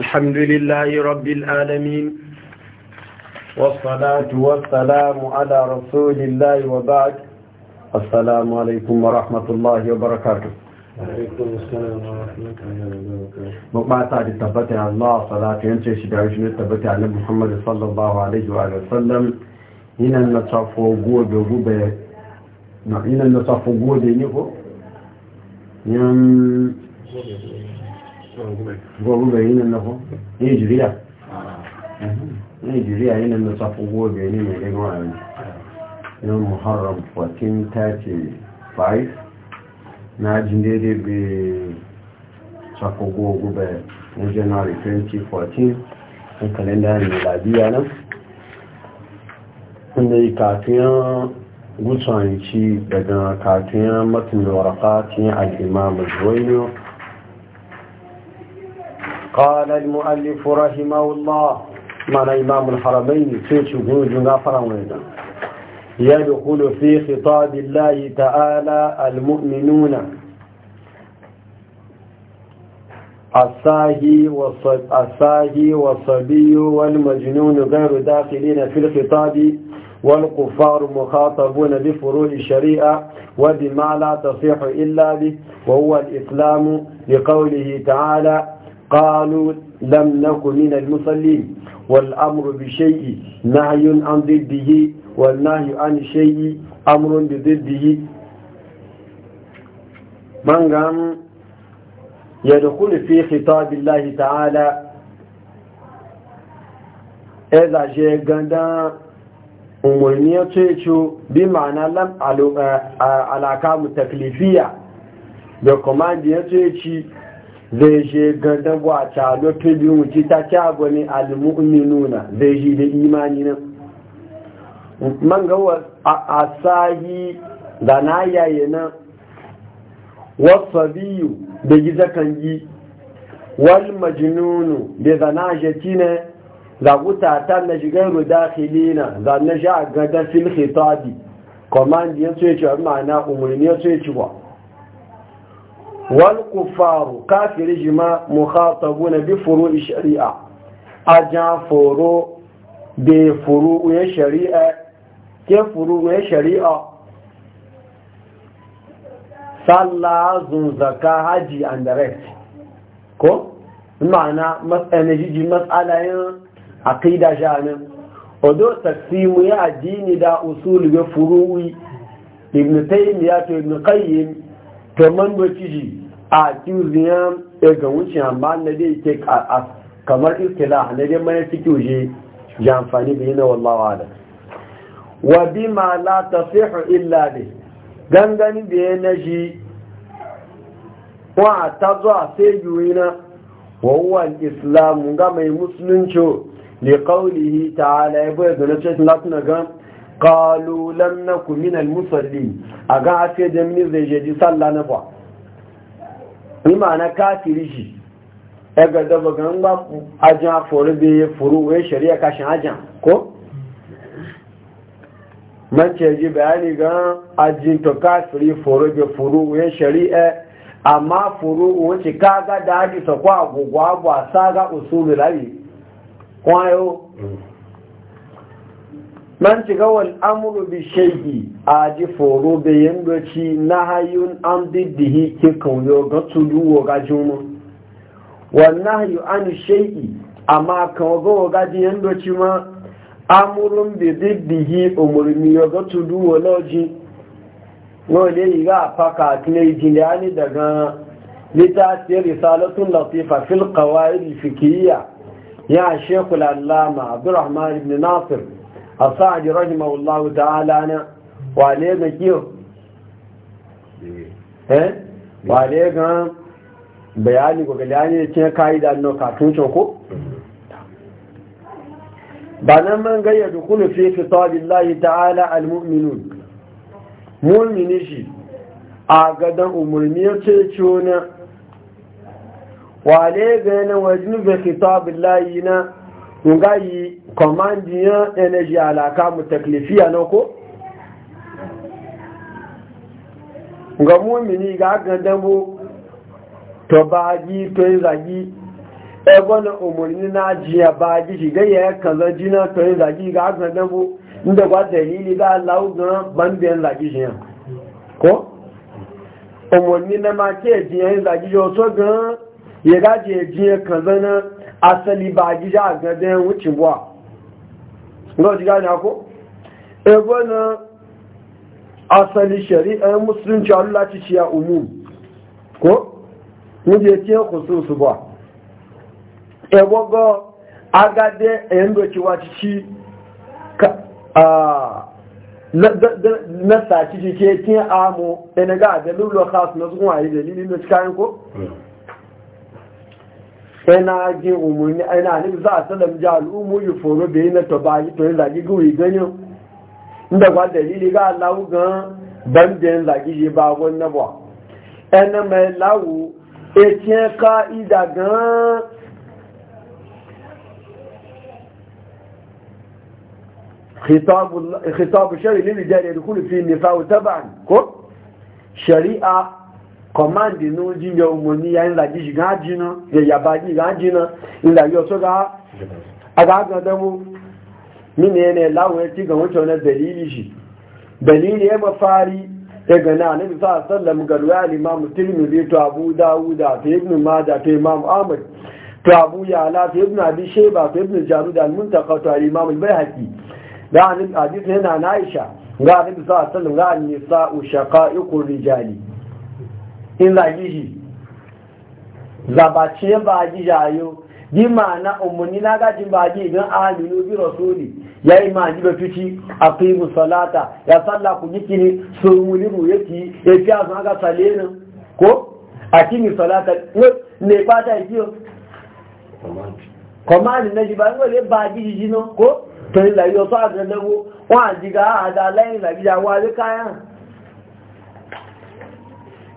الحمد لله رب العالمين والصلاة والسلام على رسول الله وبعد السلام عليكم ورحمة الله وبركاته عليكم السلام ورحمة الله وبركاته مقمع تعد تبتع الله صلاة ينتهي شبعجنة تبتع على محمد صلى الله عليه وآله وسلم هنا نتصف وقوة بقوة نعم، هنا نتصف وقوة بقوة يم gbogbo yi nan nako nigeria nigeria yi nan na safin gobe ne mai daga wani yan 1435 na jin daidai bai gobe na january 2014 a kalenda ne labiya nan inda yi kafin gutsanci daga kafin matin waraka cikin قال المؤلف رحمه الله معنى إمام الحرمين في جوج غفر ويدا يدخل في خطاب الله تعالى المؤمنون الساهي والصبي والمجنون غير داخلين في الخطاب والكفار مخاطبون بفروع الشريعة وبما لا تصيح إلا به وهو الإسلام لقوله تعالى قالوا لم نكن من المصلين والأمر بشيء نهي عن ضده والنهي عن شيء أمر بضده من قام يدخل في خطاب الله تعالى إذا جاء قد umarni ya ce cu bi ma'ana lam alaƙa mu taklifiya zai je gada gwacha lotu biyu wuce ta ne agwani alimu'minuna zai je da imani nan man gawa a sahi da na yaye nan wasu biyu da yi kan yi wal majnunu da zana jati ne guta ta na shigar da na shi a gada fil khitabi komandi ya ce ma'ana umarni ya ce ba والكفار كافر جما مخاطبون بفروع الشريعة أجا فرو بفروع الشريعة كيف فروع الشريعة صلى زن زكاة حجي and direct ko ma'ana matsayin jiji matsalayin aqida janin odo taqsimu ya addini da usul bi furu'i ibn taymiyyah ibn qayyim kaman wakili a tuziyan e ga wuce amma na dai ke kamar istila na dai mai ciki wuce ya amfani da yana wallawa da wa bi ma la tasihu illa ne. gangani da ya na shi wa ta zuwa sai yuwina wa wawan islamu ga mai musulunci li ta ta'ala ya bayyana cikin latin ga قالوا لم نكن من المصلين اغا افي ده من صلى نبا بمعنى كافر شي اغا ده بغان با اجا فوربي فرو وي شريعه كاشن اجا كو man ce ji bayani ga ajin to kafiri foro be furu shari'a amma furu wace kaga da hadisa ko agogwa ba man shiga wal amru bi shay'i aji foro be yandoci nahayun an diddihi ke kauyo ga tulu wa ga jumu wan nahyu an shay'i amma kawo ga ga yandoci ma amurun bi diddihi umurni ga tulu wa loji no le ga faka tile jilani daga littafi risalatun latifa fil qawaid al ya shaykhul allama abdurrahman ibn nasir a sa'adi rahimahullahu ta'ala na wale ga kiyo eh, eh? wale ga bayani ko galani ce kaida no ka tucho ko nan man ga ya dukulu fi kitabillahi ta'ala almu'minun mu'mini shi a gadan umurni ya ce ciwona wale ga na wajinu bi kitabillahi na ngayi kwamandiyan energy alaka mu taklifiya na ko ga mini ga gandambo to baji to yin zagi ebe umarni na jiya baji shiga ya kaza jina to yin zagi ga gandambo inda kwa dalili ga allahu gan bandiyan zagi shi ko umarni na ma ke jiya yin zagi shi oso gan ya gaji ya jiya kaza na asali baji shi a gandan buwa ji gane ko ebo na asali shari'a ya e musulunci allah ci ciya umum ko nije tiye su ba ebo go agade endo ci wati ci a na saci ci ke tiye amu ene ga da lullu khas na zuwa yi da dalilin da cikayen ko ina ji umarni ina ne za a salam ji al'ummu yi foro bai na to bayi to yin zagi guri ganyo inda kwa dalili ga allahu gan ban da yin zagi shi ba wannan ba ina mai lawu e tiyan ka'ida gan خطاب الشرع للرجال يدخل في النساء تبعا كو شريعه kọmáàdì ní ojú yọ ọmọ ní ya ńlá jíjì gán jiná yẹ̀yàbá jí gán jiná ńlá yọ sọ́gá agagandamo mini yana ya ci ga wuce wani dalili shi dalili ya mafari ya gana na bisa sallam ga abu dawuda yala abi jarud na aisha ga nabi sallallahu rijali in zagi shi zabace ba ji jayo bi ma'ana umarni na gajin ba ji idan aminu bi rasuli ya yi ma'aji ba fici a qimu salata ya salla ku yiki ne su muni mu yake ya fi azun aka sale nan ko a kimi salata ne ba ta yi kọmáàlì na jìbá ń wèlé bá jíjì jiná kó tẹ̀lé ìlàyé ọ̀tọ́ àgbẹ̀dẹ̀wó wọ́n àjíga àdá lẹ́yìn ìlàjíjà wọ́n adé káyàn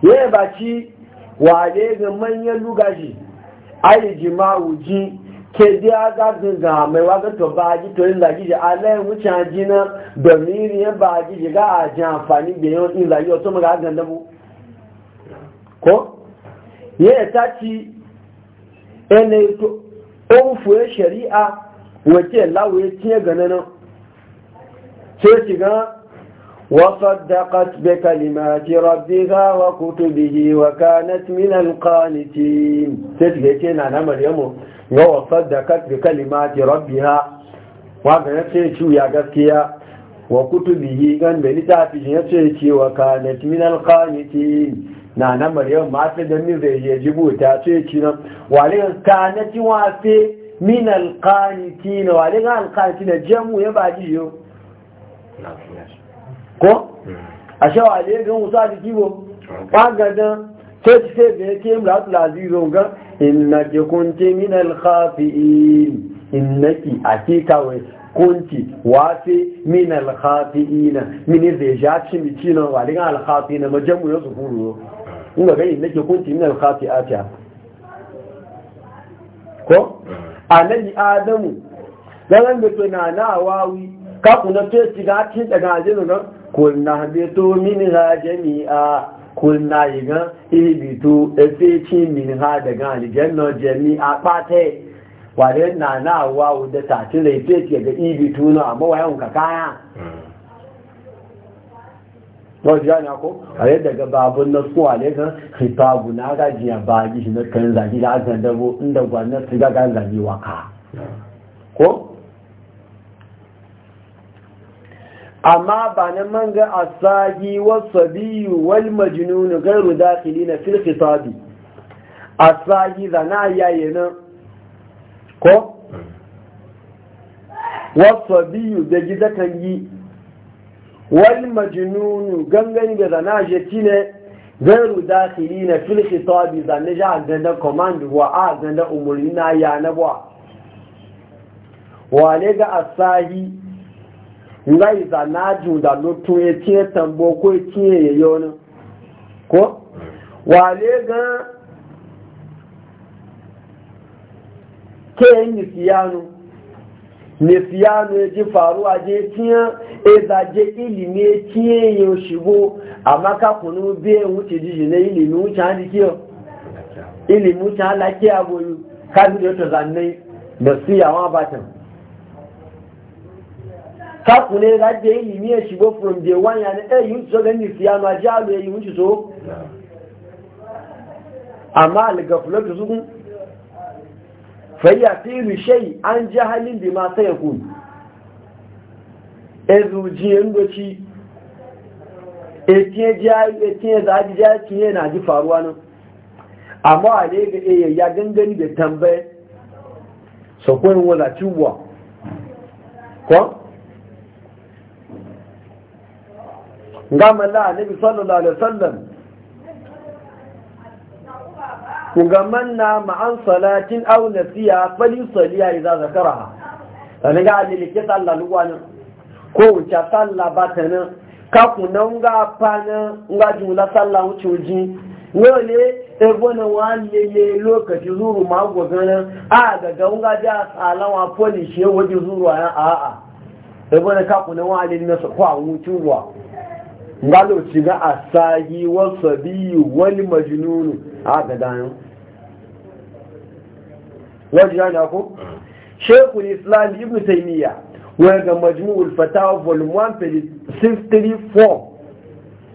yaya ba ci wale ga manyan lugashi ayi jima'u ji ke di aga gunga mai waga to ba ji to yin zagi a layin wuce ji na domin yin ba ji ga a ji amfani da yawan in zagi wato maga agan dabu ko yaya ta ci yanayi to ofuwe shari'a wace lawo ya ciye gananan sai shiga وصدقت بكلمات ربها وكتبه وكانت من القانتين تتجينا على مريم وصدقت بكلمات ربها وكانت يا غسكيا وكتبه كان بلتافي يتشي وكانت من القانتين na nan maryam ma ta da min zai je ta ce ci nan wale kanati wafe min alqanitina wale alqanitina jamu ya baji yo ko a shawa ne ga musu a jiki bo ɓagadan sai ci sai da ya ke mura su laziro ga inna ki kunti min alkhafi'in inna ki a ke kawai kunti wafe min alhafi alkhafi'ina min zai ja ci mici nan wa daga alkhafi'ina majan mu ya su furu yo in mm. ga gani inna ki kunti min alkhafi'atiya ko mm. a yi adamu dan an da to a na wawi ka kuna to ci ga cin daga ajin nan kulna bitu minha jami'a kulna yiga ibitu mini ha daga aljanna jami'a pate wale na na wa wuda ta ci da efeci ga ibitu na amma wayan ka kaya Wọ́n ti yáni akọ́, àrẹ daga babu na sọ àrẹ kan hitabu na gajiya ba yi shi na kan zagi da azan dabo inda waka. amma ba na manga wasu biyu wal dakili na dakhilina sabi a asagi zana yaye nan ko biyu da gida kan yi wal majnun gangan da zana jeti ne ghairu dakhilina fil khitabi zane ja ganda command wa a umarni na ya ba wale ga asahi nga iza na ju da lotun ya tiye tambo ko ya tiye ya yonin ko wale gan ke yin nisiyanu nisiyanu ya ji faruwa je tiye eza je ilimi ya tiye ya shigo a makakunu biyan wuce jiji na ilimi wuce hadi kiyo ilimi wuce halaki aboyi kan da ta zannai da siyawa batan kaku ne za yi ilimi ya shigo from the one ya ne ɗaya yi wuce so ganin ma ji alu ya yi wuce so amma algafular Fa su fayya iri shayi an ji halin bi ma sai e ezu ji yandoci etinye ji etinye za ji ji cinye na ji faruwa nan amma a ne ga iya eh, ya gangani da tambaye sakwai wala cibuwa ko gama la annabi sallallahu alaihi wasallam kunga manna ma'an salatin aw nasiya fali saliya idza zakaraha ana ga ke talla lugwani ko ta talla batana ka kunan ga fana ga jumla sallah wuce uji wole ebo na le lele lokaci zuru ma gogana a ga ga ga ja salawa polish ne waje zuru a a a ebo na ka kunan wa lele na ko a wuce ngalo ci ga asahi wal sabi wal majnun haka dan wajen na ko ah. shaykhul islam ibn taymiya wa ga majmu'ul fatawa volume 1 634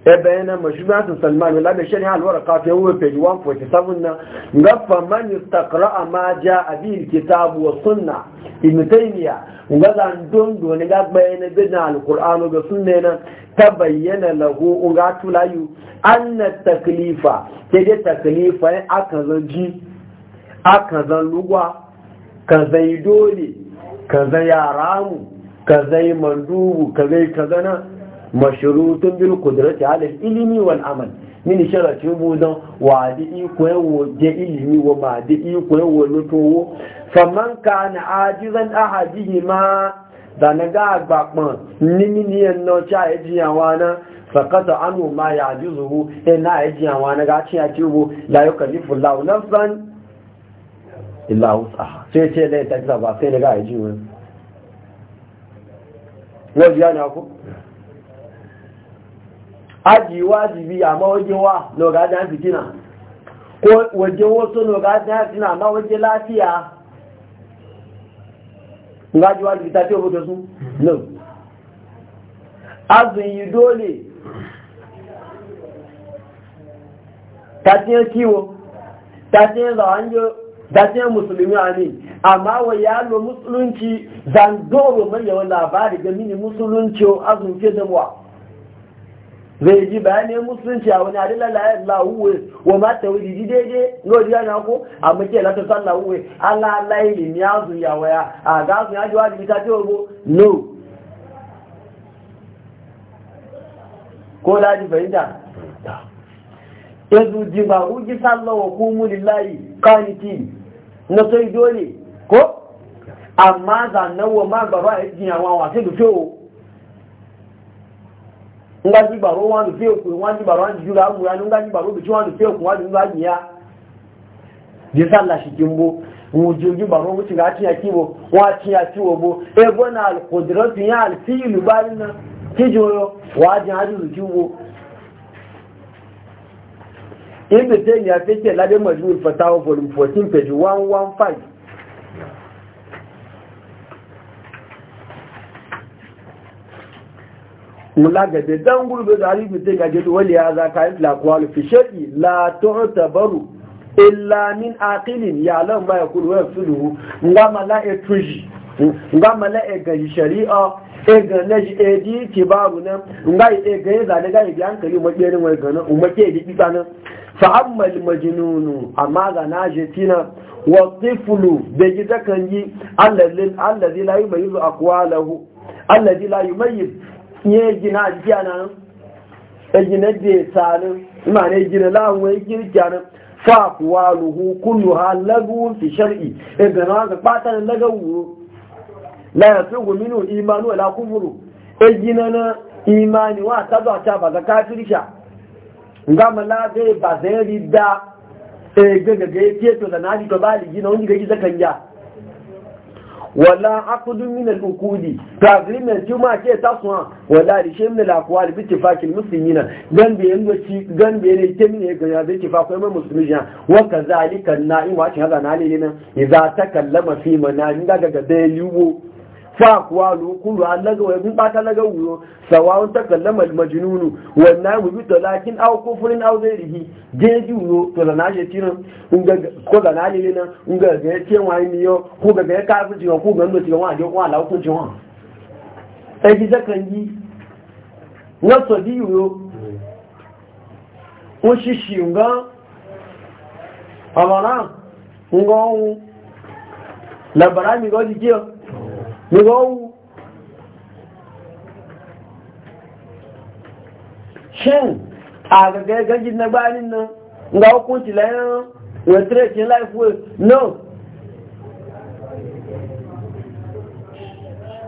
bayanan mashubatan salman wala da shari'a alwaraka ta yawon page 147 na gafa man yustaqra ma jaa bi alkitab wa sunna ibn taymiya ga zan don don ga bayanan bin alqur'ano ga sunna na tabayyana lahu ga tulayu anna taklifa ke da taklifa eh, aka zanji aka zan lugwa ka zai dole ka zai yaramu ka zai mandubu ka zai kazana mashrutun bil qudrati ala ilmi wal amal min sharati budan wa di je wa ma di iko yawo lotowo faman kana ajizan da na ga agbapon nini ni ẹnà ọcha ẹjì àwọn aná fàkàtà ánù ma yà àjúzùwú ẹnà ẹjì àwọn aná ga ci àti ugbo láyọ kàlífù láwù lọ́fàn ìlàwùsà aji wajibi amma waje wa na wajen fitina ko waje wasu na wajen fitina amma waje lafiya Nga wajibi ta ce wato su no azun yi dole ta ce kiwo ta ce zawanjo ta ce musulmi a ne amma wa yalo musulunci zan zandoro mai yawan labari ga mini musulunci o azun fi damuwa zai ji bayanin musulunci a wani adila la'uwe wa ma ta wuri ji daidai ga wajen yana a maki lati san la'uwe ala laili ni azu ya waya a ga azu ya ji ta ce ko no ko laji fahimta yanzu ji ba ku kumu lillahi kaniti na sai dole ko amma wa ma jiyawa da fiyo nga jibaro wanu fiye ku wani jibaro wani jula amu ya nga jibaro bici wani fiye ku wani nga ya je sallah shi kimbo mu je jibaro mu ci ga tiya kibo wa tiya kibo bo e bona al qudratu ya al fi'lu balna kijoyo wa ji hadu kibo in da sai ya fike labe majmu'ul fatawa volume 14 page 115 mulagabe dan gurbe da alibi sai ga jadu wali ya za ka la qawl fi shay'i la tu'tabaru illa min aqilin ya lam ma yakulu wa yafsuluhu ngama la etuji ngama la e, e shari'a e ga na ji e di kibaru nan ngai e ga za da yi bi hankali mu ke rin wai ga nan mu ke di bisa nan fa amma al majnunu amma ga na je tina wa tiflu da ji da kan yi allazi allazi la yumayizu aqwalahu allazi la yumayiz nye gina ajiya na egina de tsani ma ne gina lawon egina fa kuwa luhu kullu ha lagu fi shar'i idan ma ga patan lagawu la yasugu minu imanu wala kufuru egina na imani wa ta ba ta ba ga kafirisha ngama la ga ba zai da e gaga ga yake da nadi to bali gina wala aqdu min al-uqudi to agreement juma ke taswa wala rishe min al-aqwal bi ittifaqil muslimina gan bi yanda ci gan bi ne ke min ga ya bi ittifaqo mai muslimin wa kazalika an-na'i wa haza na ne ne idza takallama fi manani daga ga dalilu فأقواله كلها لغو يكون باتا لغو سواء تكلم المجنون والنائب بطلاق أو كفر أو غيره جيجي ويو تلنا جيتنا كلنا جيتنا unga ga yake wani miyo ko ga ga kafin jiwa ko ga mutu yawa je kwa lawo jiwa sai e bi zakan yi na so di yo o shishi unga amana unga labara mi go di kiyo wọ́wọ́ shin a gagagaji na gbanin nan ga hukunci layan wetrate life way no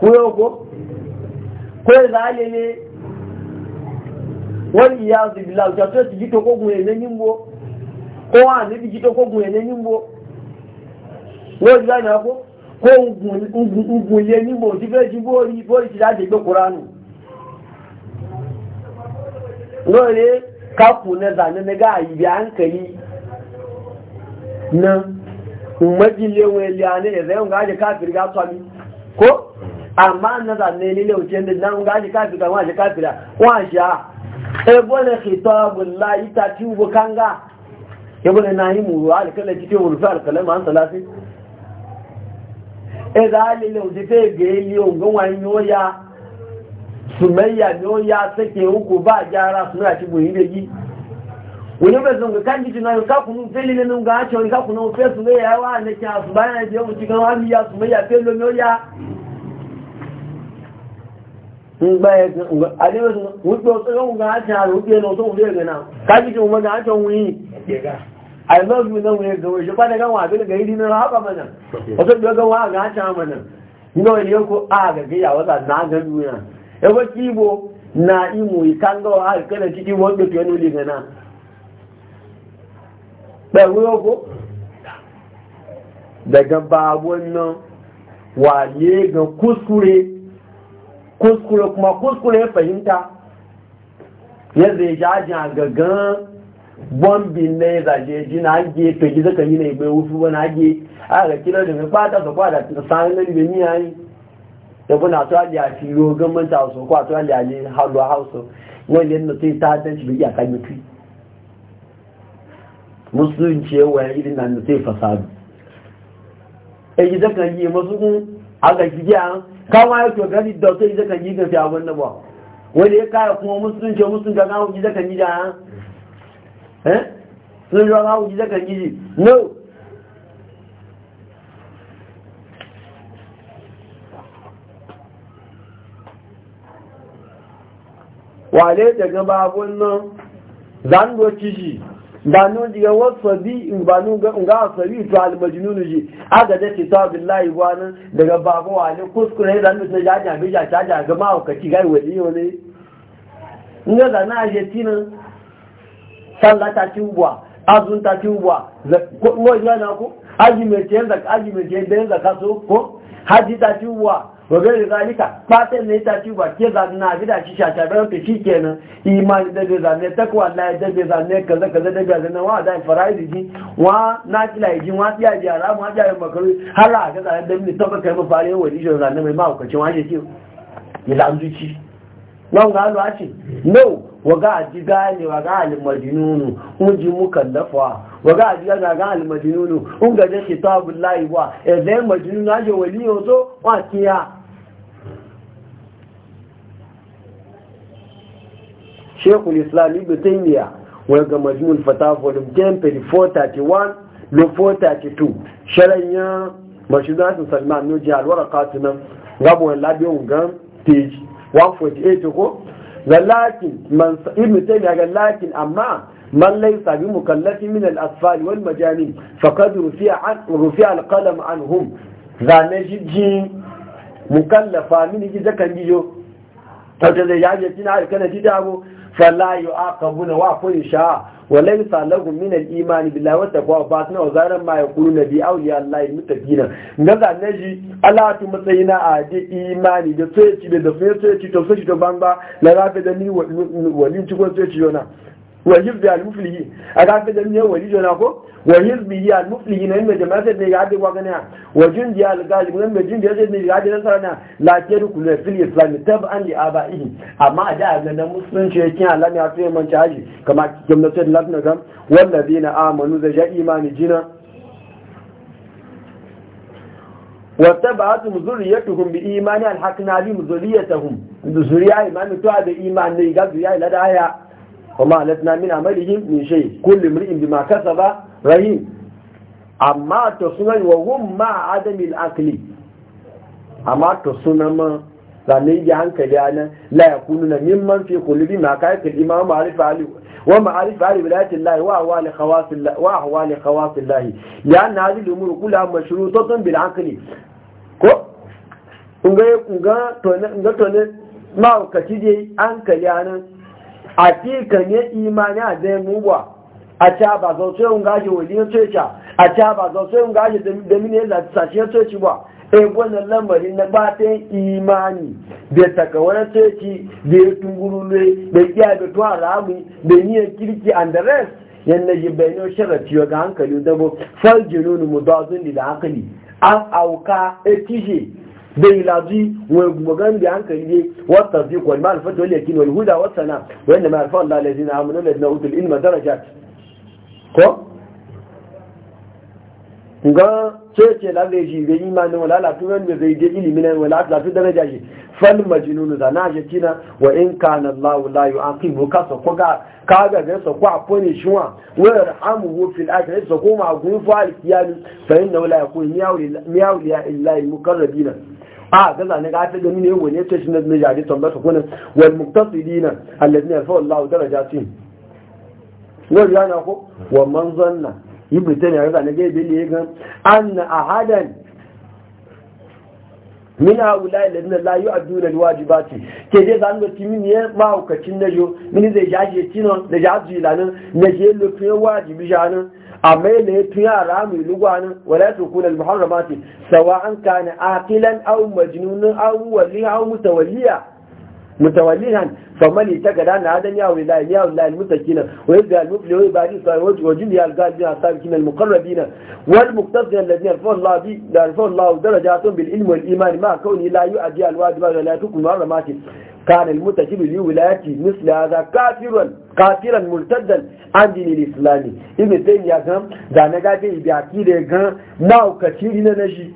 kuyo ko kuyo e zaale ne wani iya zubila ojata ti jito kogun ene nimbo kowa ne bi jito kogun ene nimbo wọ́n na akó kó ngùn lé nígbò tí fẹ́ jí bóòrí bóòrí ti láti gbé kúránù lóòrè kápù na zanen na gáà yìí hankali na umarjin lewon iliyane ìrẹ́un gáàjẹ káfìrí gátọ́mi ko amma na zanen nílé òkè ndí náà gáàjẹ káfìrí kan wáṣẹ káfìrí wọ́n àṣà ẹgbọ́n na kìtọ́ kanga yabon na nahi alkalai cikin ẹ̀dá alìlẹ̀ òjìfẹ́ èdè ilé ògbónwàí ni ó ya sùmẹ́yà ni ó ya sẹ́kẹ̀ òkú bá jẹ́ ara sùmẹ́ àti bòyí lè yí onífẹ́sùn kò kájíjì náà kákùnú fẹ́lẹ̀ nínú ga ha ìkákùnú fẹ́sùn lẹ́yà wà nẹ́kẹ́ àṣùbáyà ẹ̀dẹ́ ohun ti kan wá ní ya sùmẹ́yà ya ngba ẹgbẹ́ adéwẹ́sùn wípé ọ̀tọ́ yóò ga aṣọ àrùn i love you nan wani gawo shi ba da gawa abin ga yi na haka mana wasu da gawa ga ta a ga gaya na ga duniya ya na imu a kana ke nuli gana ɗaru yau ko daga babon nan ga kuskure kuskure kuma kuskure fahimta yadda ya a bọ́m̀bì náà ìdàjẹ́ je náà je pẹ̀jì zẹ́kẹ̀ yìí náà ìgbẹ̀ wúfú wọn náà jẹ́ ààrẹ kí lọ́dún mi pátá kwata àdàtì sáré lórí mi ní ayé yabo na to aje a afi ro mun ta so kwata to ali ali halu hauso ne le no ti ta dan ji bi ya kan mutu ce wa irin nan ti fasadu e je zaka yi musulun a ga ji ya kama ya to gani da to je zaka yi ga fi abun nan ba wani ya kaya kuma musulun ce musulun ga mu yi zaka yi da eh sun zo hawo ji daga gidi no wale daga babun nan zan doci shi da nun diga wasu bi ba nun ga sabi to al majnun ji aga da kitabillahi wani daga babu wale kuskure zan doci jaja bi jaja ga ma ka ci gai wali ne nga da a je tinan sallah ta ci ubuwa azun ta ci ubuwa ko ngo ina na ko aji me ce zaka aji me ce da zaka so ko haji ta ci ubuwa wa ga da zalika fatan ne ta ci ubuwa ke za na gida ci sha shata ba ta ci kenan imani da da zanne takwa Allah da da ne kaza kaza da da zanne wa da faraidi ji wa na kila ji wa tiya ji ara ma ajaye makaru kai hala ga da da ni to ba kai ba fare wa ji zan ne mai ma ko ci wa ji ki ilan zuci non ga lo a ci no waga aji gane waga almadinunu unji mukallafa waga aji gane waga almadinunu unga je kitabul lahi wa eze madinunu aje wali ozo wa kiya Sheikhul Islam Ibn Taymiyyah waga majmul fatawa volume 10 page 431 lo 432 sharanya mashudatu Salman no ji alwaraqatuna gabo labiyon gan page 148 ko ولكن من ابن تيميه قال لكن اما من ليس بمكلف من الاطفال والمجانين فقد رفيع عن رفيع القلم عنهم ذا نجد جين مكلفه من جزاك نجيو فتزيجاجي تنعي كان جدابو fala yu'aqabuna wa fa sha? wa laysa lahum min al-iman billahi wa taqwa fa wa wazaran ma yaquluna bi ya allahi mutaqina ngaza naji ala tu matsayina a de imani da sai ci da sai ci to sai ci to banga la rafe da ni wali ci ko sai ci yona wa hizbi al muflihi aga ka dan ne wali jona ko wa hizbi al muflihi ne me jama'a ne ga da wagana wa jindi al galib ne me jindi ne ga da sarana la kedu kullu fil islam tab'an li abaihi amma a da ga dan musulunci yake Allah ne a tsaye man caji kamar gwamnatin lafna gam wallazina amanu zai ja imani jina wattaba'atuhum zurriyyatuhum biimani alhaqna bihim zurriyyatahum zuriya imani to da imani ga zuriya ila da aya kuma alatna min amalihim min shay kullu imrin bima kasaba rahim amma to sunan wa hum ma adamil akli amma to sunan ma zanen ji hankali ana la min man fi qulubi ma kayfa imam ma'arif ali wa ma'arif ali wilayati llahi wa ahwali khawas allah wa ahwali khawas llahi Ya hadhihi al-umur kullaha mashrutatan bil aqli ko kunga kunga to ne ma ka dai hankali ana. a cikin ya imani a zai mugwa a ca ba sai yin gashi wali ya tsoya a ca ba sai yin gashi da mini ya zaci sashi e ya tsoci ba e wannan lamarin na batin imani da takawar tsoci da ya ne da iya da tuwa ramu da niyan kirki and the rest yadda yi bayanin sharafi ga hankali dabo fal jinunu dozin da hankali an auka a e tishe bai lazi wai gugan da hankali ne wata zai kwa ma alfata wani yakin wani huda wata na wanda ma alfa Allah lazi na amuna lazi na utul ilma darajat ko ga ce ce la da shi zai imanin wala lafi wanda zai je ilimin na wala lafi daraja shi fal majnun da na ake cina, wa in kana Allah la yu'aqibu ka so ko ga ka ga ga so ko apone shi wa wa yarhamu fil akhirati so ko ma gun fa al qiyam fa inna la yakun miyawli miyawli illa al muqarrabina a ga zane ga ta gani ne wani ta shi na jari tambar su kunan wal muktasidina alladhina yarfa'u Allahu darajatin wal yana ko wa na yi man zanna ibnu taymiya ga zane ga bele ga anna ahadan min na a a haula alladhina la yu'adduna alwajibati ke dai zan ga timin ne ma na yo. min zai jaje tino da jaji lanin na je lokacin wajibi janin amma yana ya tun yara mai lugwanin wala su kuna muharramati sawa an kana aqilan aw majnunun aw wali aw mutawalliya mutawallihan famali ta gada na hadan ya wala ya wala almutakina wa yajal mufli wa ibadi sa wa jin ya alqalbi asabikin almuqarrabin wal muqtadin alladhi yarfa Allah bi yarfa Allah darajatun bil ilmi wal iman ma kauni la yu'adi alwajib wa la tukun muharramati كان المتجب لولايته مثل هذا كافرا كافرا مرتدا عن دين الاسلام ابن تيميه كان da na gaje bi akide kan naukaci ne na shi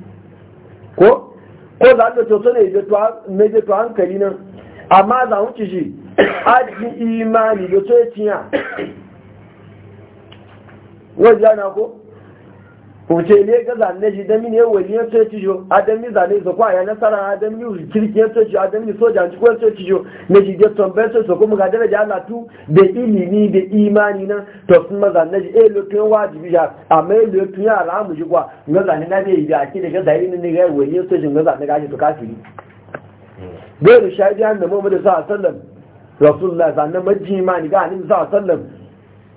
ko ko da da to ne da hankali nan amma za mu ci shi aji imani da to ya ciya wajen ko wuce ne ga zane shi dami ne wani ya ce cijo adami zane su kwaya nasara adam ni kirki ya ce cijo adami ni soja ci ko ce cijo ne shi da ilimi da imani na to zane shi eh wajibi ya amma eh ya ramu shi kwa ga zane na bai da ki daga zai ne ga wani ya ce ga zane ga shi to kafiri bai da rasulullah zane ga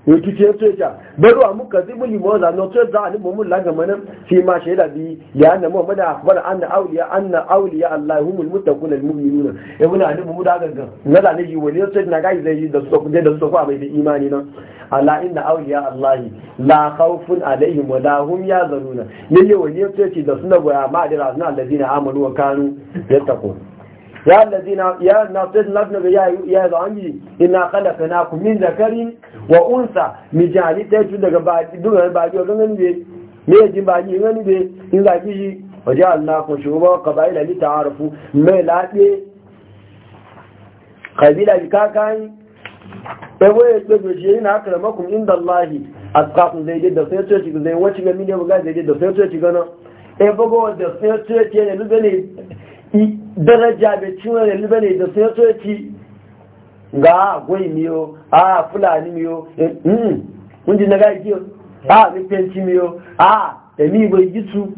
rikici ya tsoya baro amu kazibu limoza no tsoya za a ni mumun laga manan fi ma shaida bi ya anna muhammad akbar anna awliya anna awliya allahumul muttaquna al mu'minuna e muna ni mumun da gangan na da ne yiwo ne tsoya na gai zai da su da su ko bai da imani na ala inna awliya allahi la khawfun alaihim wa la hum yazununa ne wani ne tsoya da suna goya ma da razna allazina amanu wa kanu yattaqun ya allazina ya nafid labna ya ya zangi inna khalaqnakum min zakarin wa unsa mijali ta ju daga ba duka ba ji ga na be me ji ba ji ngani be in za ji waje Allah ku shuba qabaila li ta'arufu me labe qabila ji kakan ewe ya ce ji ina akramakum inda Allah atqakum zai da sai ce ci zai wace ga mine zai e da daraja bai cinwa da libane da sai so ya ci ga gwai miyo a fulani miyo kun eh, hmm, ji na ga kiyo a nufanci miyo a da mi bai gitsu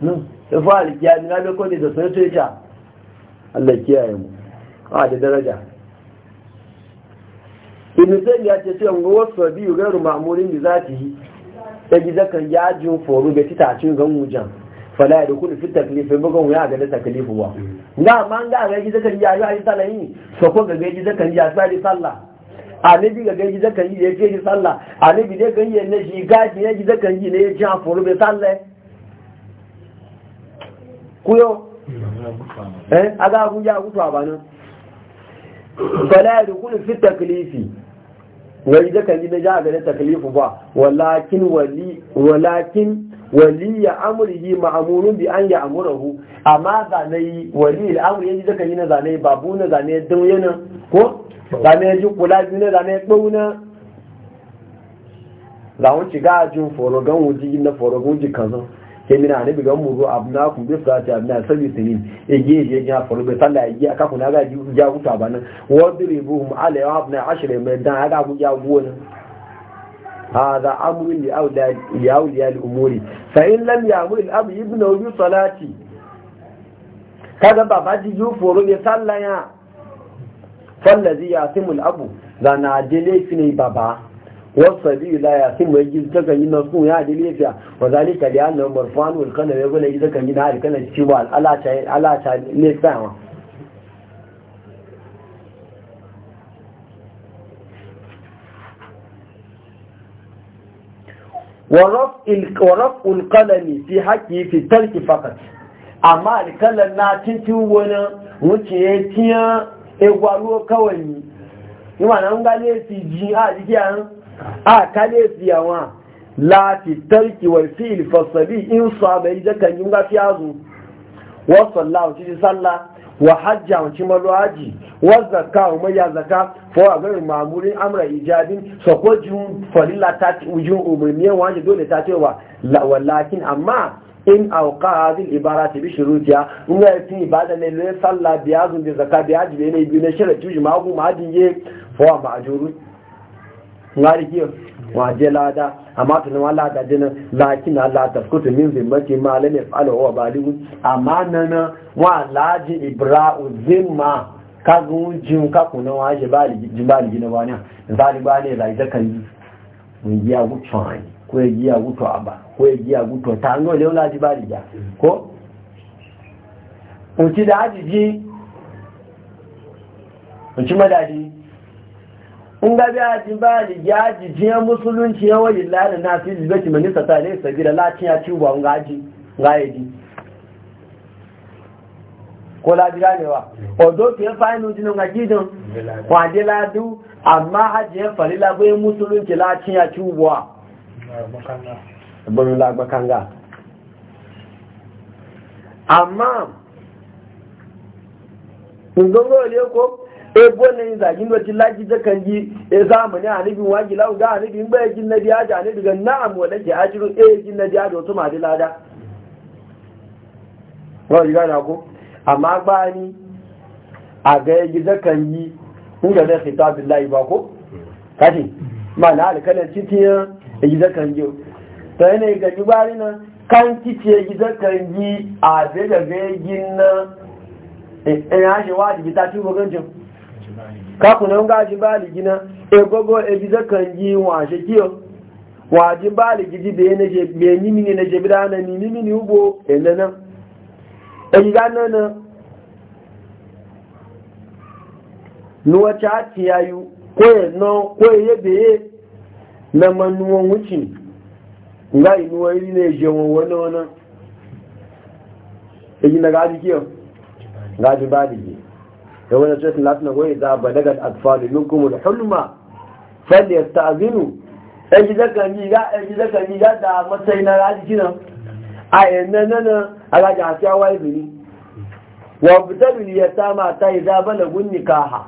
no hmm, da fa alkiya ni na bai kone da sai so ya ci Allah kiyaye mu a da daraja ibn sai ya ce cewa wasu biyu gairu ma'murin bi zatihi da gizakan yajin foru bai titacin gan wujan fala da kudi fi taklifin bugun ya ga da taklifin wa nga ma ga ga ji zakari ya yi ayi sallah yi so ko ga ga ji zakari ya sai sallah anabi ga ga ji zakari ya ce sallah anabi da ga yi ne shi ga ji ya ji zakari ne ya ji furu be sallah kuyo eh aga ku ya gutu abanan fala da kudi fi taklifi wai zakari ne ja ga da taklifin ba walakin wali walakin waliya amrihi ma'amurun bi an ya amurahu amma zanai wali al'amur yaji zaka yi na zanai babu na zanai don yana ko zanai ji kula ji na zanai dau na zawon ci gajin forogan wuji na forogan wuji kaza ke mina ne bigan muru abna kun bi fati abna sabi sinin ege ege ya forogan sallah ege aka kuna gaji ja huta bana wadribuhum alaiha abna ashra mai dan aga ku ja gona هذا أمر لأولياء الأمور فإن لم يأمر الأب ابنه بصلاتي kaga baba ji ju foro ne sallaya fallazi yasimul abu da na dele fini baba wasabi la yasim wa ji daga yin nasu ya dele fiya wa zalika li anna marfan wal kana ya gona ji daga yin al kana ci wa ala ta ala ta ne sawa ورفع القلم في حقه في الترك فقط amma alkalan na titi wani wuce ya tiya egwaro kawai ima na ngale si ji a jiki an a kale si yawa la fi tarki wal fi'l fasabi in saba idan yi, n fi azu wa sallahu ti sallah wa hajja wancin maluwaji wa zaka wa mai zaka fo a gari mamurin amra ijabin so ko jun falila ta ujun umurniyan wani dole ta ce wa wallakin amma in auka ibara ta bi rutiya in ya fi ibada ne lai salla biya zun bi zaka biya ji ne bi ne shirati ji magu ma din ye Fowa ma ngari kiyo wa amma tuni wala da dinin lakin Allah ta kutu min zimmati ma lam yaf'alu huwa baligh amma nana wa laji ibra'u zimma ka gunjin ka kuna wa je baligi jin baligi na wani zali ne zai da kan mun giya gutu ko ya giya gutu aba ko ya giya gutu ta ngo le wala ji baligi ko uci da ajiji uci madadi in ga biya jin ba ni ya ji jiyan musulunci ya wani lalata na fi zibeci mai nisa ta ne sabira latin ya ci ba nga ji nga ya ji ko la jira ne wa odo ke fa inu jinu nga gidan kwa je la du amma haji ya fari la bai musulunci latin ya ci ba bari la bakanga amma ngongo le ko E ne zagin wacin laji da kan yi e zamani a nufin wagi lau ga nufin bai gina na biya da nufin e ga na'am wa nake ajirun e gina na biya da wasu ma lada wani riga na ko amma ba ni a ga yi e da kan yi in ga na fita billahi ba ko kashi ma na alkalar cikin yi e da kan yi ta yi gaji ba ni na kan kice yi kan yi a daga gagin gina in ya wa wajibi ta ci hukuncin kakunan gashi baligi na egogo ebiza kan yi washe kiyo waji baligi ji da yana be ni mini na jebira na ni mini ni ubo enda na egiga na na nuwa cha ti ayu ko e no ko e ye be na manuwa wuci nga inuwa iri na eje won wona wana, egi na e gaji kiyo gaji baligi da wani sai latin wai da balagat atfalu ya alhulma falyastazinu aji daga ni ga aji daga ni ga da matsayi na raji kinan a yanna nan a raji hasiya wai bini wa butalu liyatama ta ya gunni balagun nikaha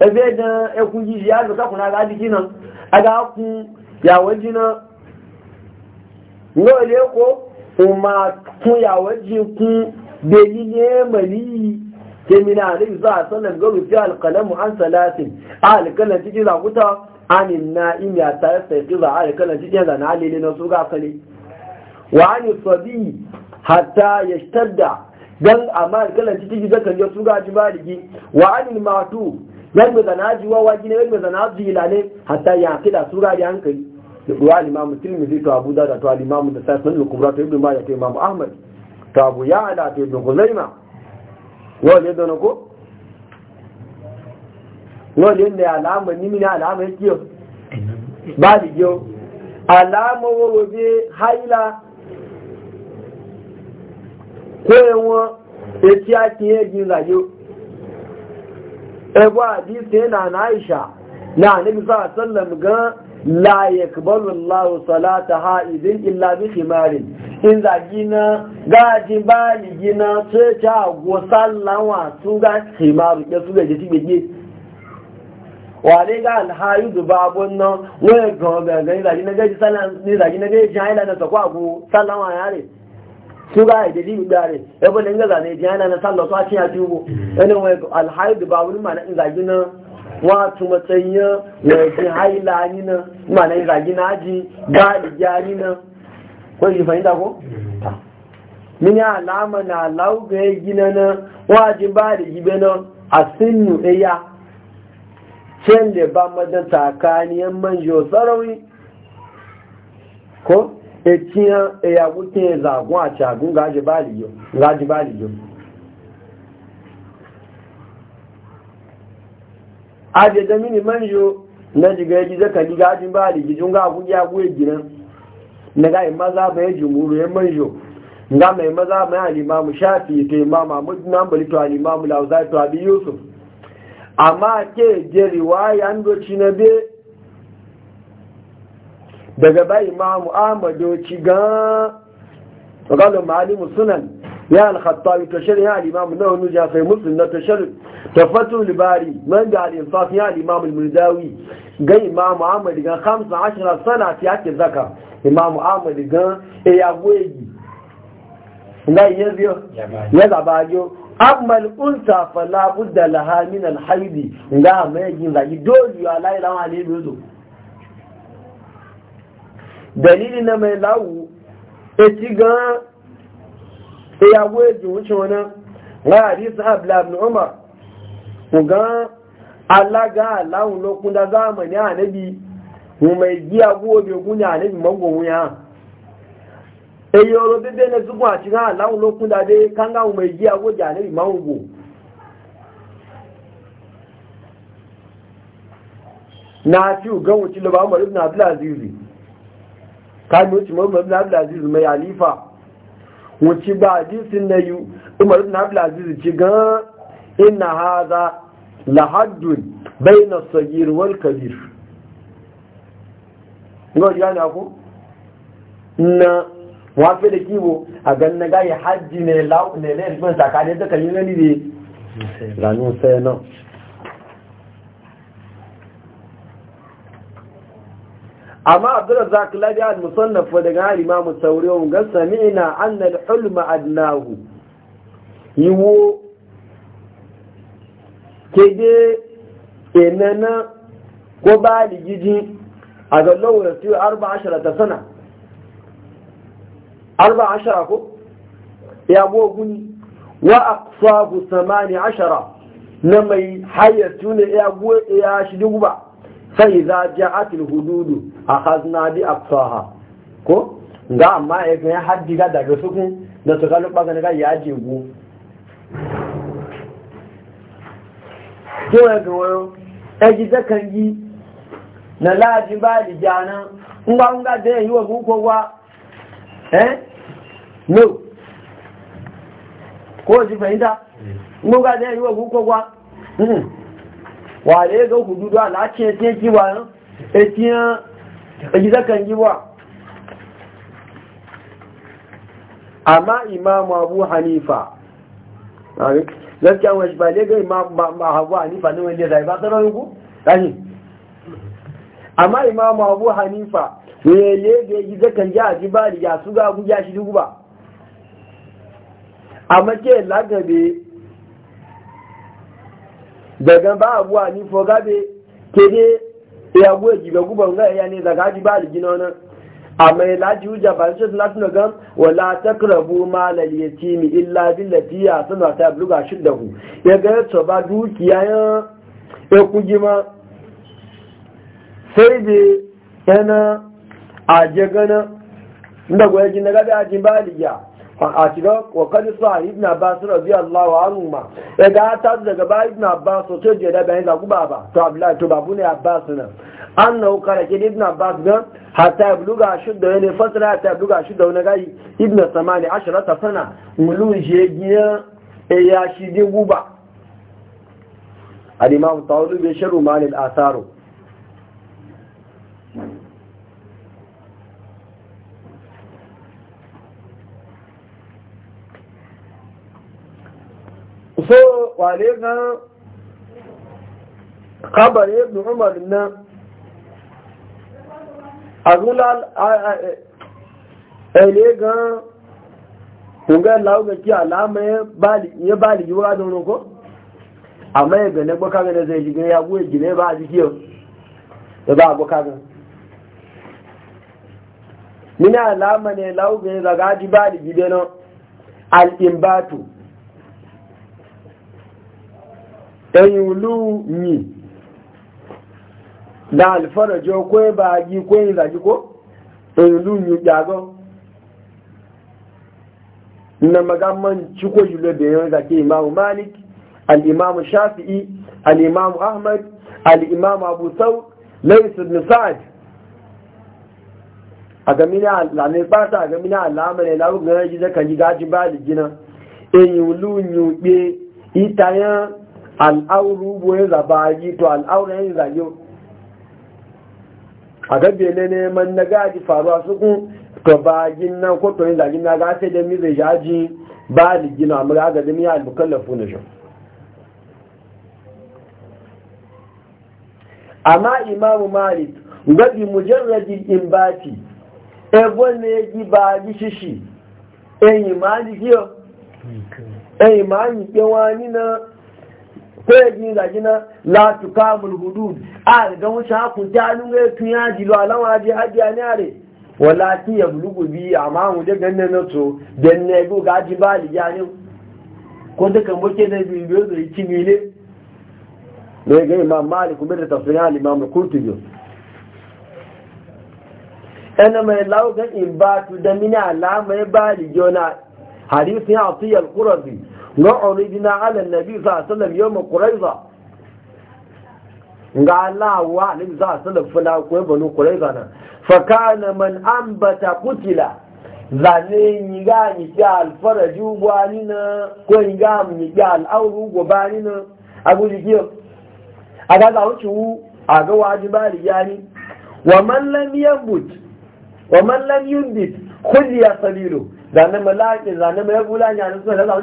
ebe da ekun ji ya zo ka kuna raji a aga ku ya na. ngo le ko kuma kun ya wajin kun. ne mali mina alaihi za a sanar ga rufi alkalamu an salatin a alkalan cikin zakuta an na imiya ta yasta ya za a alkalan cikin zana alili na su gasali wa an yi sabi hatta ya da don amma alkalan cikin zakan ya su ji baligi wa an yi matu yan mai zana ji wa ne yan mai zana ji ne hatta ya kida su gaji hankali ruwa limamu tilmizi to abu da to alimamu da sassan lukubra to ibn ma ya to ahmad to abu ya ala to ibn huzaima wale da ko wale da alama ni mina alama yake yo ba da yo alama wo wo bi haila ko ewon eti akin egin layo a hadisi na na aisha na anabi sallallahu alaihi wasallam la yakbalu Allahu salata ha'idin illa bi khimarin in zagina gaji bali gina sai ta go sallawa su ga khimaru ke su ga ji tibeje wale ga alhayu babun nan wai ga ga ga zagina gaji sallan ni zagina gaji jahila na takwa go sallawa yare su ga ya dalili dare ya bane ga zane jahila na sallawa su a cikin tubo ina wai alhayu babun ma na zagina wato matsayin ji haila nina na yi zagi na aji gadi ya nina ko ji fahimta ko? ya alama na lauga ya gina na waje ba da gibe na a sinu iya can da ba madan takaniyar manjo sarauni ko? ekiyan eyagukin zagun a cagun gaji ba liyo aje da mini manjo na jiga ya yaji zaka liga ajin ba ligi jun ga ku ya kuwe ginan na ga maza ba ya jumuru ya manjo nga mai maza mai alimamu shafi ta imamu ahmad na mbali to alimamu lauzai to abi yusuf amma ke je riwaya an doci na be daga bai imamu amadoci doci ga qala malimu sunan ya al-khattabi to shari ya al-imam an-nawawi ya sai muslim na to shari tafatu al-bari man ga al-insaf ya al-imam al-murdawi ga imam ahmad ga 15 sana ti ake zaka imam ahmad ga e ya gwegi ngai yezo ya zabajo amma al-unsa fala budda laha min al-hayd ga mai yin zaki dole ya la ilaha illa hu dalilin na mai lawu e ti gan ya weji wuce wani ga hadisi abla ibn umar ku ga Allah ga Allah lokun da zamani annabi mu mai giya gobe gunya annabi magomu ya eyi oro e bebe na zugu na ga Allah lokun da dai kan ga mu mai giya gobe na fi gan wuce lo ba mu ibn abdul aziz kan ibn abdul aziz mai alifa wuci ba hadisin na yi umar abu abdulaziz ci gan inna haza haddun bai sagir wal kabir ngo ya na ku na wafe da kiwo a gan na ga hajji ne lau ne ne tsakanin da kalin yi ne ranu sai nan amma abdurrazzaq labi al-musannaf daga al-imam sauri ga sami'na anna al-hulma adnahu yiwo kede enana ko ba ligiji a ga lawra tu 14 ta sana 14 ko ya bo guni wa aqsabu 18 na mai hayatu ne ya go ya shi duba sai za ja'at al-hudud akhadna a ko ga amma ya ga haddi ga daga sukun da su kalu bagana ga ya je ga eji zakan yi na laji ba li jana in ba nga da yi wa ko wa eh no ko ji fahimta in ga da yi wa ko wa hmm. wale ga hududu ala ce ce kiwa etiyan gizakan giwa amma imamu abu hanifa gaskiya wani ba hanifa ne wani zai ba tsaron ku amma abu hanifa wele ga a jibari ya su ga shi ba daga ba abu a fo gabe kede ya gwe jibe gubo nga ya ne daga aji ba ligina wani amma ya laji hujja ba shi na tuna gam wala takrabu mal al yatimi illa billati ya sana ta bluga shiddahu ya ga ba dukiya ya ya sai da yana a jagana inda gwaji na gabe ba ligiya a shiga wakali su a ibn abbas radiyallahu anhu ma ya ga ta daga ba ibn abbas to je da bayan zaku ba? to abdullahi to babu ne abbas nan annahu kana ke ibn abbas ga hatta buluga shudda ne fasara hatta buluga da wani gai ibn samani ashrata sana mulun je giya ya shi de guba al-imam tawlu bi sharu mal al-atharu so wale gan kabar ibn umar na azulal ele gan kunga lauga ki alama ya bali ya bali yiwa da wani ko amma ya gane baka gane zai shiga ya buye gine ba a jikiyo da ba a baka gane mina alama ne lauga ya zaga ji bali na al'imbatu ẹ̀yìn olú yìí da alfarajọ kó ẹ bá yí kó ẹ̀yìn ìdájí ẹ̀yìn olú yìí gbàgọ́ na magamman ciko jùlọ bẹ̀rẹ̀ zaki imamu malik al'imamu shafi'i al'imamu ahmad al'imamu Abusau sau laisu nisa'ad a gamina alamai gaji da gina ẹ̀yìn olú yìí al'auru bo ya zaba yi to al'auru ya yi zage a gabe ne neman na gaji faruwa su kun to bagin nan ko to yin zage na ga sai da mi zai jaji ba ligina amma ga zami ya albukallafu na shi amma imamu malik gabi mujarradin imbati ebon ne ya ji ba shishi, ɗan e imani kiyo ɗan e imani kewa ni na ko ya ji ga jina la tukamul hudud a ga wuce hakun ta lunga tun ya ji lo alawa ji hadiya ne are walaki ya bulugu bi amma mu da ganne na to dan ne go ga ji ba li yani ko da kan boke da bi biyo da yi mile ne ga imam malik kuma da tafsirin al-imam qurtubi ana mai lawo ga in ba tu da mina alama ya ba li jona hadisi ya atiyal qurazi ga orijina ala nabi sallam yau ma kuraiza ga alawa nabi sallam fula kuwa banu kuraiza nan fakana man ambata kutila zane yi ga yi fi alfaraju gwani na ko yi ga yi fi al'auru gwani na a guji kiyo a ga za wuce wu a ga waji ba rigani wa man lam yabut wa man lam yundit kulli ya sabilu zane malakin zane mai gula ne a nasu da za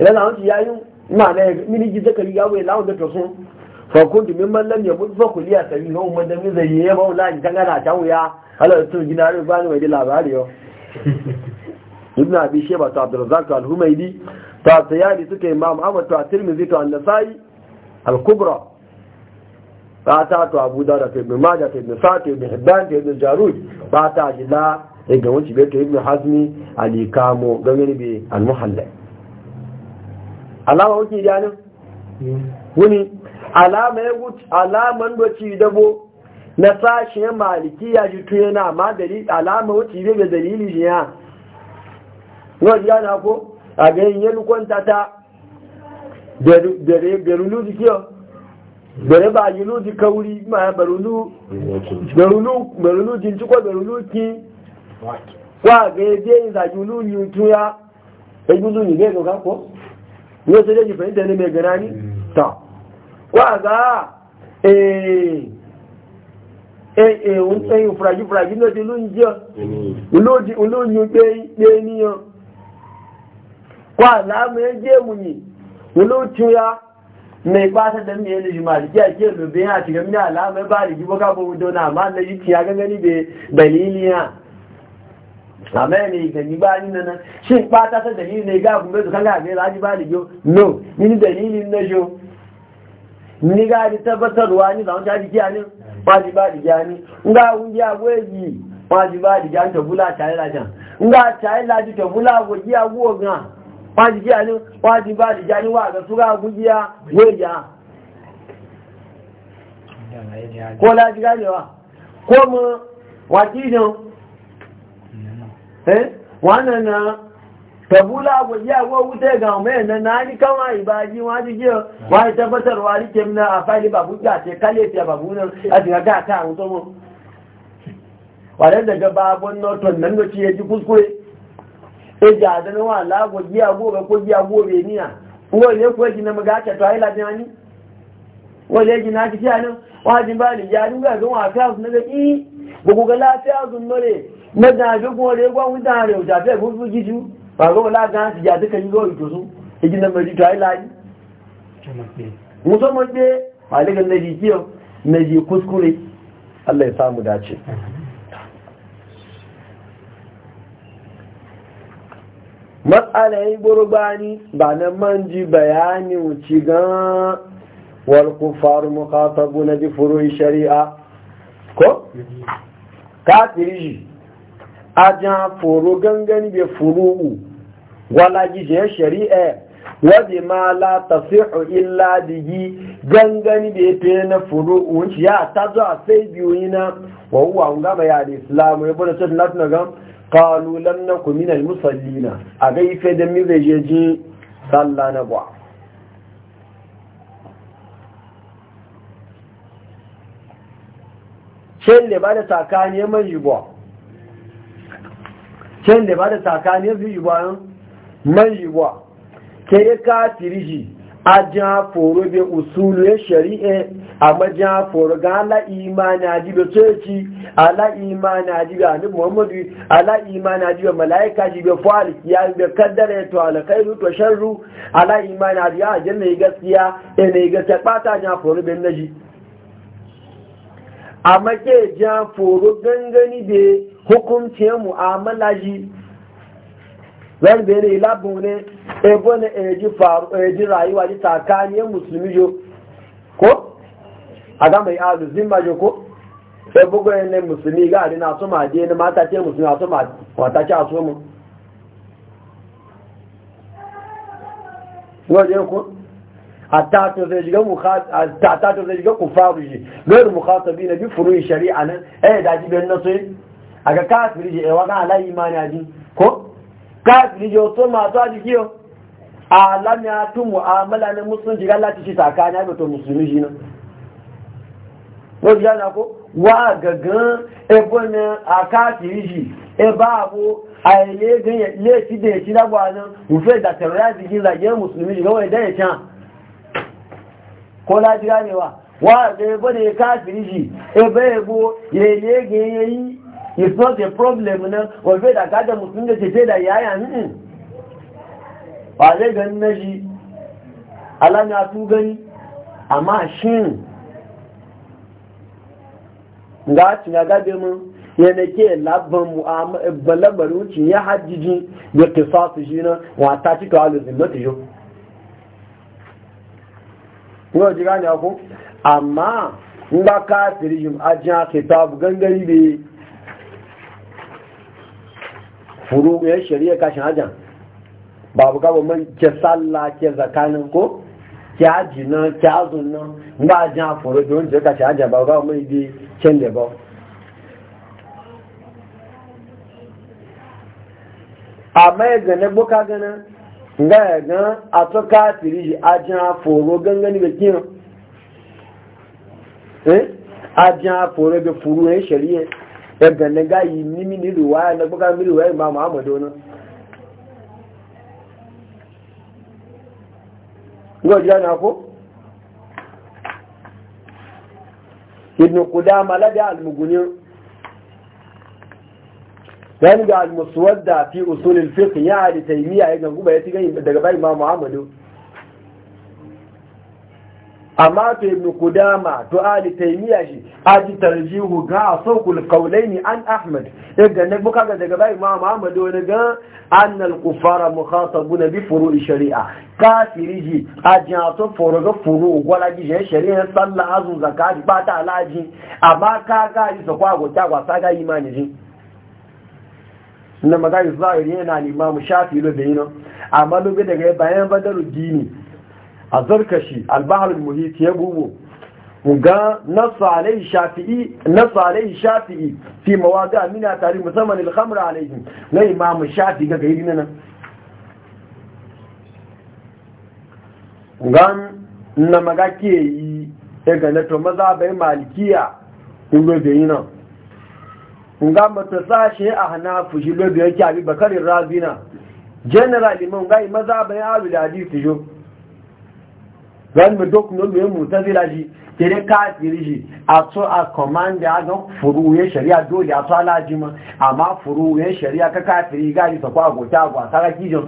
idan na wuce yayin ma na mini ji zakari riga wai lawon da ta sun fa kun dumin mallam ya mutu fa kuliya sabi ga umman da zai yi ya maula ni kan gana ta wuya halar su gina rai bani mai labari yo ibn abi sheba ta abdurrazzaq al-humaydi ta tayali suka imam ahmad ta tirmidhi ta an al-kubra ba ta to abu da ta ibn majah ta ibn sa'd ibn hibban ta ibn jarud ba ta jila ga wuce bai ta ibn hazmi al-ikamo ganin bi al-muhallal alama wuce janin wuni alama ya guci alaman doci dabo na sashe maliki ya ji tuye na amma alama wuce bai da dalili shi ya wani yana ko a ganin yin kwanta ta berulu di kiyo bere ba yi di kauri ma berulu berulu berulu jin ci ko berulu ki wa ga je yin yulu ni tuya e gudu ni ga ko ne su daji fahimta ne mai gana ni mm. ta kwa za ee eh, ee eh, eh, ń mm. tẹ́yìn fúragí fúragí náà ti ló ń jẹ́ mm. olóòyìn ya mai ba da mai yanzu ma jiki a ke lobe yana cikin mai alamai ba da gibaka ba wudo na ma na yi gangani àmọ́ ẹni ìgbẹ̀yìnbá nínú náà ṣe ń pátá tó tẹ̀lé ga gáàkùn mẹ́tò kágàgbé láti bá lè yó no nínú tẹ̀lé ilé náà ṣo ní gáàdì tẹ́bọ́tọ̀rọ̀wá ní àwọn jáde kí a wọ́n ti bá dìjà ní ńgá oúnjẹ àwọ̀ èyí wọ́n ti bá dìjà ní tọ̀búlà tàílájà ńgá tàílájì tọ̀búlà àwòjí àwọ̀ ògàn wọ́n ti jíà ní wọ́n ti bá dìjà ní wà àgbẹ̀fúrà wa Eh? wannan na tabula ku ji abuwa wuta ga mai na na ni kama ibaji wa ji ji wa ni tabbatarwa ni ke mina a fali babu ga ce kale fiye babu nan a jiga ga ta a wuta mu wadanda daga babon norton nan da ci ya ji kuskure e ji a dana wa lagu ji abuwa ko ji abuwa bai niya wani ne kuwa gina maga ta ta yi lafiya ni wani ne gina ki fiye nan wajin ba ni ya dunga ga wa fiye na ga i ba ku ga lafiya zun nore mẹ́ta àjọ́gún ọ̀rẹ́ wọ́n ń dáa rẹ̀ òjàfẹ́ allah ya samu dace matsalayin gurbani ba na ji bayani wuci gan walkufaru mukatabu na bi shari'a ko kafiri ajan foro gangan bai furu'u wala gijiyar shari'a bi ma la tasihu illa bihi gangan bai fiye na furu'u wunci ya ta a sai wa na wahuwa gaba ya da islamu ya bude cikin latin gan kalu lam na al musallina a gaife da mizajeji sallah na ba shelle ba da tsakani ya manji ba can da ba da tsakanin su yiwuwa man yiwuwa ke ya kafiri shi a jan foro bai usulu ya shari'a a majan foro ga ala'ima imani a jibe tsoci ala imani a jibe anibu muhammadu ala'ima imani a jibe mala'ika jibe fari ya jibe kaddara ya to alakairu to sharru ala imani a jibe a janna gaskiya ya na ya gaskiya ɓata jan foro bai naji a make ja foro gangani da hukuncin mu'amala ji zan da yanayi labin ne ebo na eji faru eji rayuwa ji tsakaniyar musulmi jo ko a ga mai azu zimma ko sai e bugu e ne musulmi ga na so ma je ne mata ce musulmi a so ma wata ce a so mu. Wajen ku? hatta to zai shiga mukhat hatta to zai shiga kufaru shi gairu mukhatabi na bi furu'i shari'a nan eh da ji ben nasu aga kafiri je ewa ga ala imani aji ko kafiri je to ma to aji kiyo alam ya tu mu'amala na musulunci ga lati ta takani ga to musulmi shi nan ko biya na ko wa gagan ebo a akafiri shi e ba babu a ile gan ya ile ti de ti da gwanan mu fe da terrorism gin la ye musulmi ga wai da ya can ko na jira ne wa wa da ya da ya kafin shi ebe yabo ya ga ya yi it's not a problem na wafe da kada mutum da cefe da yaya nini ba zai gani na shi alana su gani amma shin ga ci na gabe mun yana ke labban mu'amala balabar wucin ya hajjiji da su shi na wata cika alusin mata yau yau ji gane ko amma in ba ka firjim ajiyar kitabu gangari da furu ya shari'a kashin ajiyar babu ka man ke salla ke zakanin ko ke aji nan ke azun nan ba ajiyar furu don je ka kashin ajiyar babu ka man ibi kyan da ba amma ya gane buka ganin gaya gan a to kafiri shi ajiya foro gangani da kiyan eh ajiya foro da furu ne shari'a daga na gayi nimi ni ruwaya na buga mi ruwaya ba muhammadu na gojiya na ko ibn qudama la da al-mughni Zan ga almusuwar da a fiye da su ya yi alifin miya in ba ya ci daga bayyana mu Amadu? Amma to ya nufa to ali ta shi aji tarjihu ga sauƙuri ƙaule ne an Ahmed in gane kuma kagan daga bayyanu mu Amadu wani gan an nan ku fara mu hasan shari'a. Ka shi riji a jan furu da gwalaji zai shari 'yan sallah, azuza, kashi, kpata, alhaji, amma ka ga yi sa kuma a goci ga sa ka na magari zahiri yana mu shafi lo da yino amma lobe daga bayan badaru dini a zarkashi albaharul muhit ya bubu ga nasu alai shafi'i nasu alai shafi'i fi amina tare musamman alhamra alaihim na imamu shafi ga gairi nan gan na ke yi ya ganato maza bai malikiya in lo da yino nga mata sashe a hana fushi lobe yake abi bakarin razina general imam ga maza bayan abu da hadisi jo zan dokun dok no mu mutazila ji tere kafiri ji a so a command a ga furu ya shari'a dole a so alaji ma amma furu ya shari'a ka kafiri ga yi sakwa gota gwa kaga kijin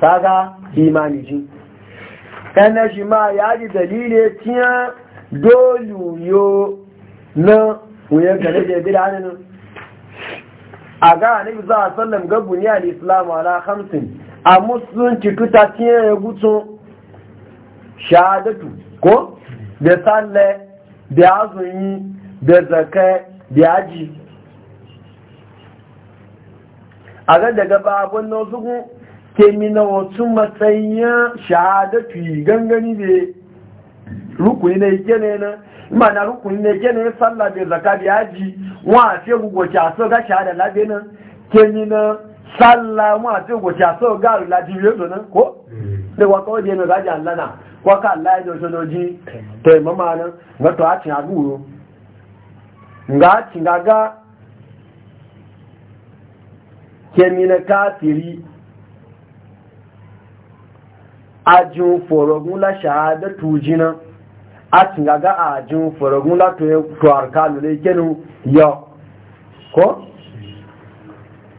kaga imani ji kana shi ma ya ji dalile tiya dole yo na wuya gare da bid'a nan a ga annabi za a sallam ga buniya da islamu ala hamsin a musulunci tuta tiye ya gutsu shahadatu ko da salle da azumi da zaka da aji a ga daga babun nasu ke mina wasu matsayin shahadatu gangani da rukuni na ike ne na na rukuni na ike ne sallah bai zaka bi haji wọn a fi gbogbo ci a so ga shahada labe na kenyi na sallah wọn a fi gbogbo ci a so ga rula ji biyo na ko da mm. waka waje na gaji allana waka allah ya jojo doji ta yi mama nan ga to a cin a guro ga cin ga ga kenyi na kafiri ajin forogun la shahada tujinan a tinga ga a jin faragun latin ya tuwar kenu ya ko?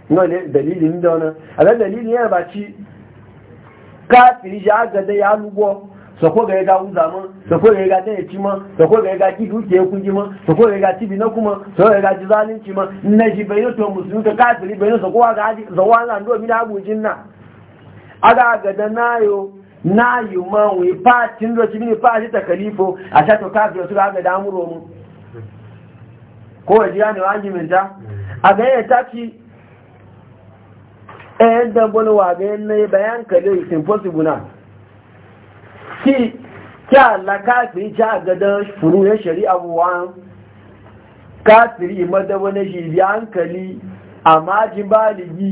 wani dalilin da wani abin dalili yana ba ci kafiri ya gada ya lugo sako ga ya ga wuza ma sako ga ya ga daya ci ma sako ga ya ga kidu ke kungi ma sako ga ya ga na kuma sako ga ya ga ji zalunci ma na ji bai na tuwa musulmi ka kafiri bai na sako ga zawa na ndo mi na abujin na aga gada na yo na yi ma wai fatin roci mini fatin ta kalifo a sha to kafin su ga damuro mu ko ya e jira ne wani minta mm. a ga ya e tafi ɗayan e dambon wa ga yin nai bayan kale is impossible na ki kya la kafin kya a dan furu ya shari'a buwan kafiri madaba na shi hankali amma ji baligi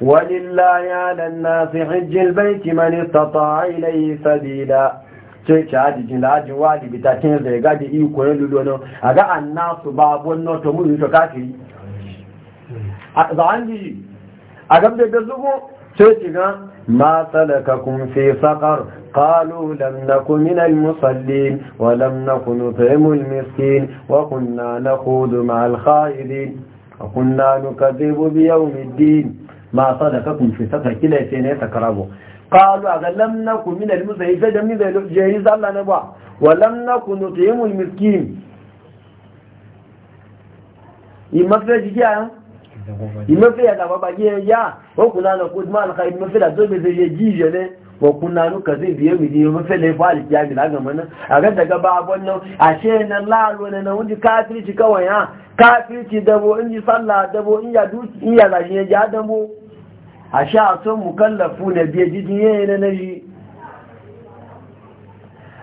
ولله على الناس حج البيت من استطاع إليه سبيلا sai ci haji lajin wajibi ta kin zai gaji iya koyon lulonu a ga an nasu babon na to muni to kafiri a za'an ji a gambe da zubo sai ci ga ma salaka kun fi sakar قالوا لم نكن من المصلين ولم نكن نطعم المسكين وكنا نخوض مع الخائدين وكنا نكذب بيوم الدين ma sadakakum fi safar kila sai ne ta karabo. Kalu a qalu agallam ku min al-muzayyid da min al-jahiz Allah na ba wa lam nakun nutimu mun miskin imafe jiya imafe ya gaba bagi ya ya? wa kuna na kudma al-khair imafe da zo be je jiye ne wa kuna nuka zai biye mu je mafe le fa ya kiyam da ga mana a ga daga babon nan ashe na lalo ne na wuji kafirci kawai ha kafirci dabo in ji sallah dabo in ya duki in ya zaje ya dabo a sha sun mukallafu na biya jijin yayi na naji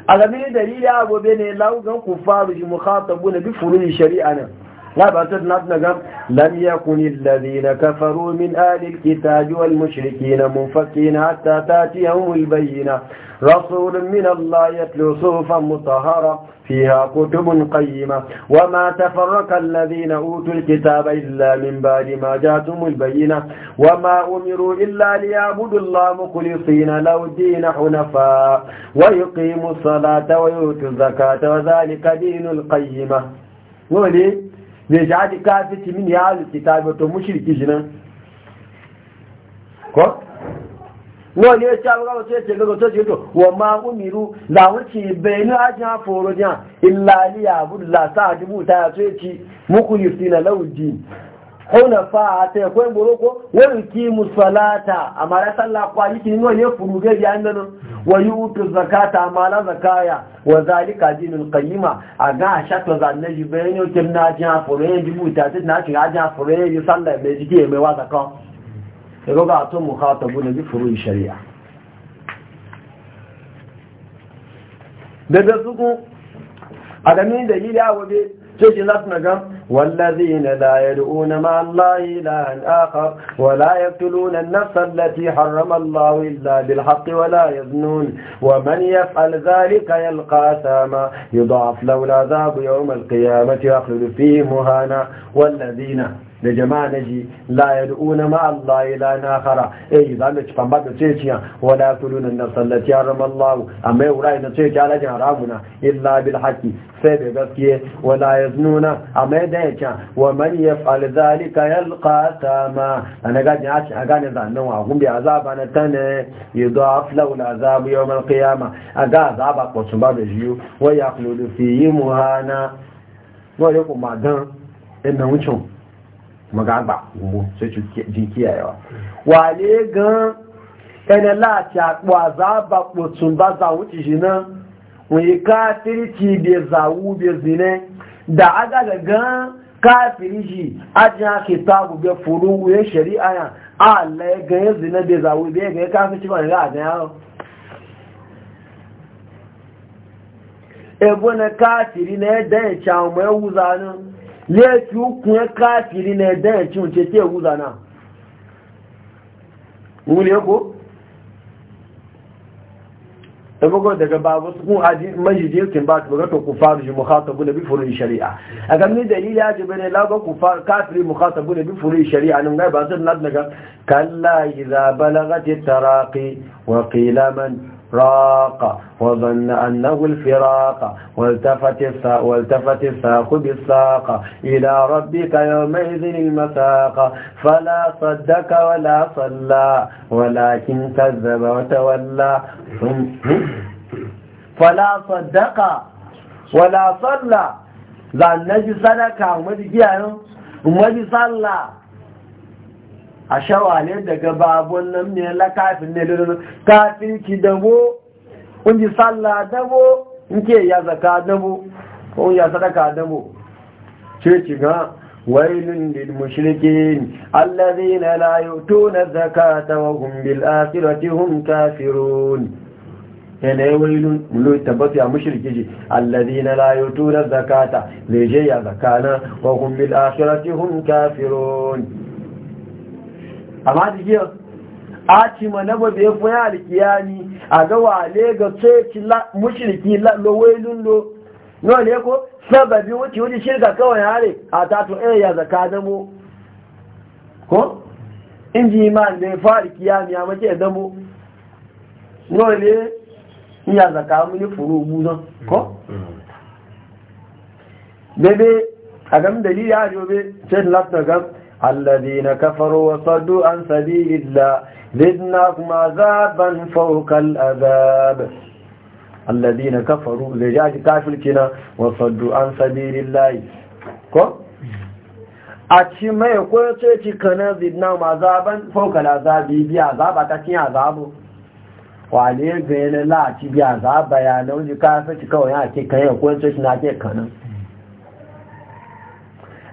a game da agobe ne laugan kufaru shi mukhatabu na bi furuji shari'a nan لا بأسد نبنغم لم يكن الذين كفروا من آل الكتاب والمشركين منفكين حتى تاتيهم البينة رسول من الله يتلو صوفا مطهرة فيها كتب قيمة وما تفرق الذين أوتوا الكتاب إلا من بعد ما جاءتهم البينة وما أمروا إلا ليعبدوا الله مخلصين له الدين حنفاء ويقيموا الصلاة ويؤتوا الزكاة وذلك دين القيمة وليه zai ja ji kafici min ya halittu ta bato mushirki shi nan ko? wọ́n ni ó ṣe àwọn ọ̀tọ́ ẹ̀tẹ̀ tó ṣe tó wọ́n máa ń mìírù láwọn ti bẹ̀rẹ̀ ní ajá ní à ìlàlẹ́ àbúrò làtàdúgbò táyà tó ẹ̀tì mú kú sí ìrìnàlẹ́wò dìí hunafa ta akwai boroko wani ki musalata a mara sallah kwaji ki nuna ne furuge biya nanu wa yutu zakata a mara zakaya wa zalika dinul kayima a ga a shakla zanne ji bayan yau kim na ji hafuru yin jibu ta ce na ci ajiya hafuru yin yi sallah mai jike mai wasa kan ya roga a tun ta na ji furu shari'a daga ku, a da dalili a wabe cikin na gan والذين لا يدعون مع الله إلها آخر ولا يقتلون النفس التي حرم الله إلا بالحق ولا يذنون ومن يفعل ذلك يلقى أثاما يضعف له العذاب يوم القيامة يخلد فيه مهانا والذين da jama'a na ji la yad'una ma Allah ila na khara eh za ci famba da ce Wani wala nuna na rama allahu a mai wurai na ce ki alajin haramuna illa bil haqqi sai da gaskiye wala a mai da yake wa man yaf'al zalika ta ma ana ga gajin ake a gane zanen wa gumbi azaba na zo a a zabu yau al kiyama a ga zaba sun ba da jiyo wa yaqulu fi muhana wa kuma madan ina wucin magagba gumbo sai su kiyayewa wale gan ẹni láti àpò àzába pòtùn bá zàwú ti ṣe náà wọ́n yí káàkiri ti zàwú bí da agaga gan káàkiri yìí ajá kìtà gbogbo fòrò wúyẹ ṣẹ̀rí àyà àlẹ́ gan yẹ zinẹ́ bí zàwú bí ẹgbẹ́ káàkiri ti wà ní àgbẹ̀ káàkiri náà dẹ́yìn ṣàwọn laifi hukun kafiri na yadda ya ci wuce ke guza na wule ko da bugu daga babu su kun haji majiji yakin ba ta bugata ku faru shi mukhatabu na bifuru shari'a a gamni dalili ya shari'a ba na wa راق وظن أنه الفراق والتفت والتفت الساق بالساق إلى ربك يومئذ المساق فلا صدك ولا صلى ولكن كذب وتولى فلا صدق ولا صلى ذا النجي صدق ومجي صلى a shawale daga babon nan ne la kafin ne lulun kafin ki dabo kun ji sallah dabo nke ya zaka dabo ko ya sadaka dabo ce ki ga wailun lil mushrikin alladhina la yu'tuna zakata wa hum bil akhirati hum kafirun ene wailun mulu tabbata ya mushriki ji alladhina la yu'tuna zakata leje ya zakana wa hum bil akhirati hum kafirun amma jikiyar a ci ma na ba bai funya alkiyani a ga wale ga tsoci mushriki lalowai lullo yau ne ko sababi wuce wuce shirka kawai hare a tato ɗaya eh, ya zaka damo ko in ji iman da ya fari kiyami a mace damo yau ne ya zaka mini furu zan ko bebe a gam dalili ya jobe sai lafta gam الذين كفروا وصدوا عن سبيل الله زدناهم عذابا فوق العذاب الذين كفروا لجاج كافر كنا وصدوا عن سبيل الله كو aci mai kwace ci kana zidna mazaban a azabi bi azaba ta cin azabu wale ga yana la ci bi azaba ya nauji ka sa ci kawai ya ke kan ya kwace ci na ke kanan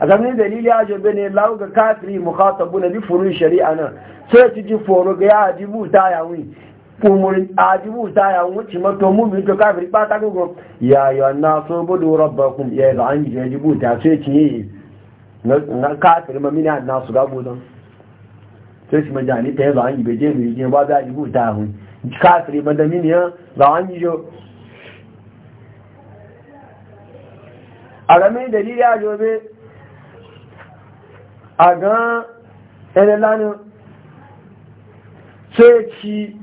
a ganin dalili ya jabe ne lawo ga kafiri mukhatabu na furu shari'a nan sai ci ji foro ga ya ajibu ta yawon umuri ajibu ta yawon wuce mato mummi to kafiri ba ta gugu ya yi wannan sun budu rabbakum ya yi an ji ajibu ta sai ci yi na kafiri ma mini na su gabu don sai ci majani ta yi an ji beje mai je ba za ajibu ta yawon kafiri ma da mini ya an ji a ramin dalili ya jobe a gan ɗanɗanin sai ci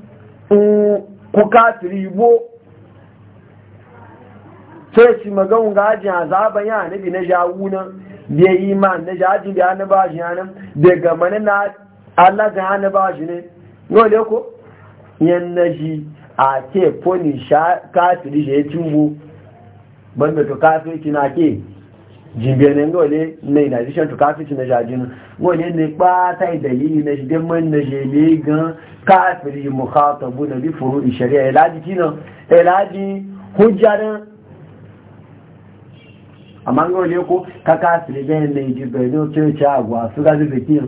kuka tribo sai ci magan gajin azaban ya nabi na jawunan da yi ma na jajin da na bashi yanan daga mani na Allah ga na bashi ne dole ko yan na shi a ke poni kafiri shi ya cimbo banda to kafirci na ke ne jimbenin gole na in addition to kafirci na jajinu gole ne bata dalili na shi don man na jele gan kafiri mukhatabu na bi furu shari'a ilaji e kino ilaji e hujjarin amma gole ko ka kafiri gan na jimbenin cece agwa su gazi da kiyo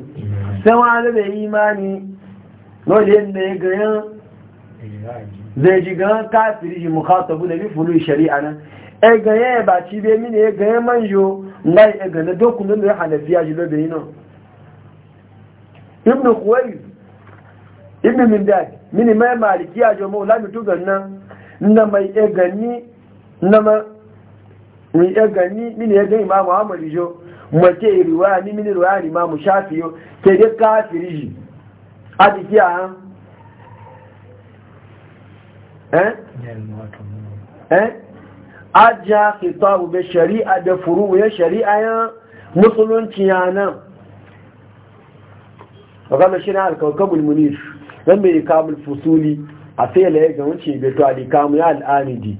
sai wani da imani gole ne ganyan zai ji gan kafiri mukhatabu na bi furu shari'a na? eganye ba ci be mini eganye manjo ngai egane dokunan da hanafiya ji lobe yi nan ibn kuwai ibn mindad mini mai malikiya jo mo lami tugan nan na mai egani ma mai egani mini egani imamu amari jo mace riwaya ni mini riwaya ni imamu shafi yo ke dai kafiri ji a dikiya han eh eh ajiya khitabu bai shari'a da furu ya shari'a ya musulunci ya nan wakanda shi na alkawakabul munir don mai kamul fusuli a sai laye ga wuce bai to alikamu ya al'anidi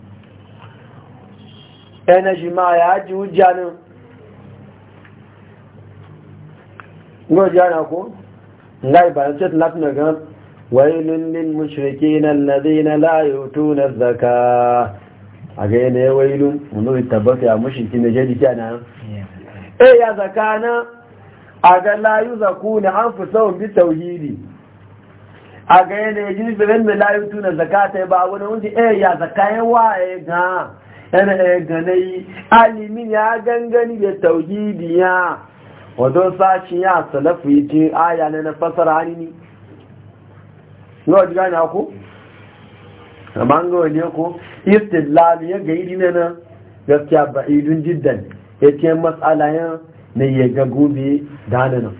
yana shi ma ya haji hujja nan gwajja na ko? ngai ba ce latin na gan wailun lil mushrikina allazina la yutuna zaka? a ga yanayi wailu wani tabbata ya ki, eh, na jadi kyana e ya zakana a ga layu zaku ne, an fi bi tauhidi a ga yanayi jini firin mai layu tuna zakata ba wani wunci eh, e ya zakayen waye ga yana e ganayi alimin ya gangani da tauhidi ya wato sashi ya salafi ce aya na fasara hannu ne ku amma gawa wani ko istidlal ya ga idina na gaskiya ba idun jiddan ya ce matsala ya na iya ga gobe dana nan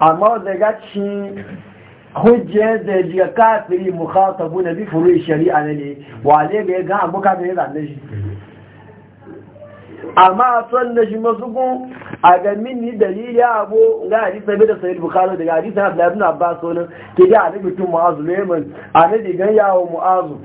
amma daga ci hujjiyar da jiga kafiri mukhatabu na bi furu shari'a ne wale ga ya ga abu kafin ya zane shi amma son na shi masukun a ga mini dalili abu ga hadisa bai da sahih bukhari daga hadisa abdullahi ibn abbas wannan ke da annabi tun mu'azu leman annabi gan yawo mu'azu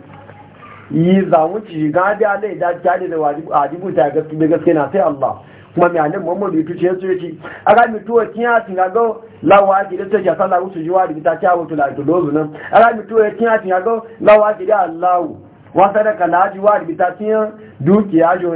yi zamu ci ga da Allah da tare da wajibu adibu ta gaske-gaske na sai Allah kuma mai annabi Muhammadu ya tuce su yace aga mi tuwa kiya tinga go lawa ji da ta sallah usu jiwa da ta tawo tula to dozu nan aga mi tuwa kiya tinga go lawa ji da Allah wa sadaka laji wa da ta tiyan dukiya jo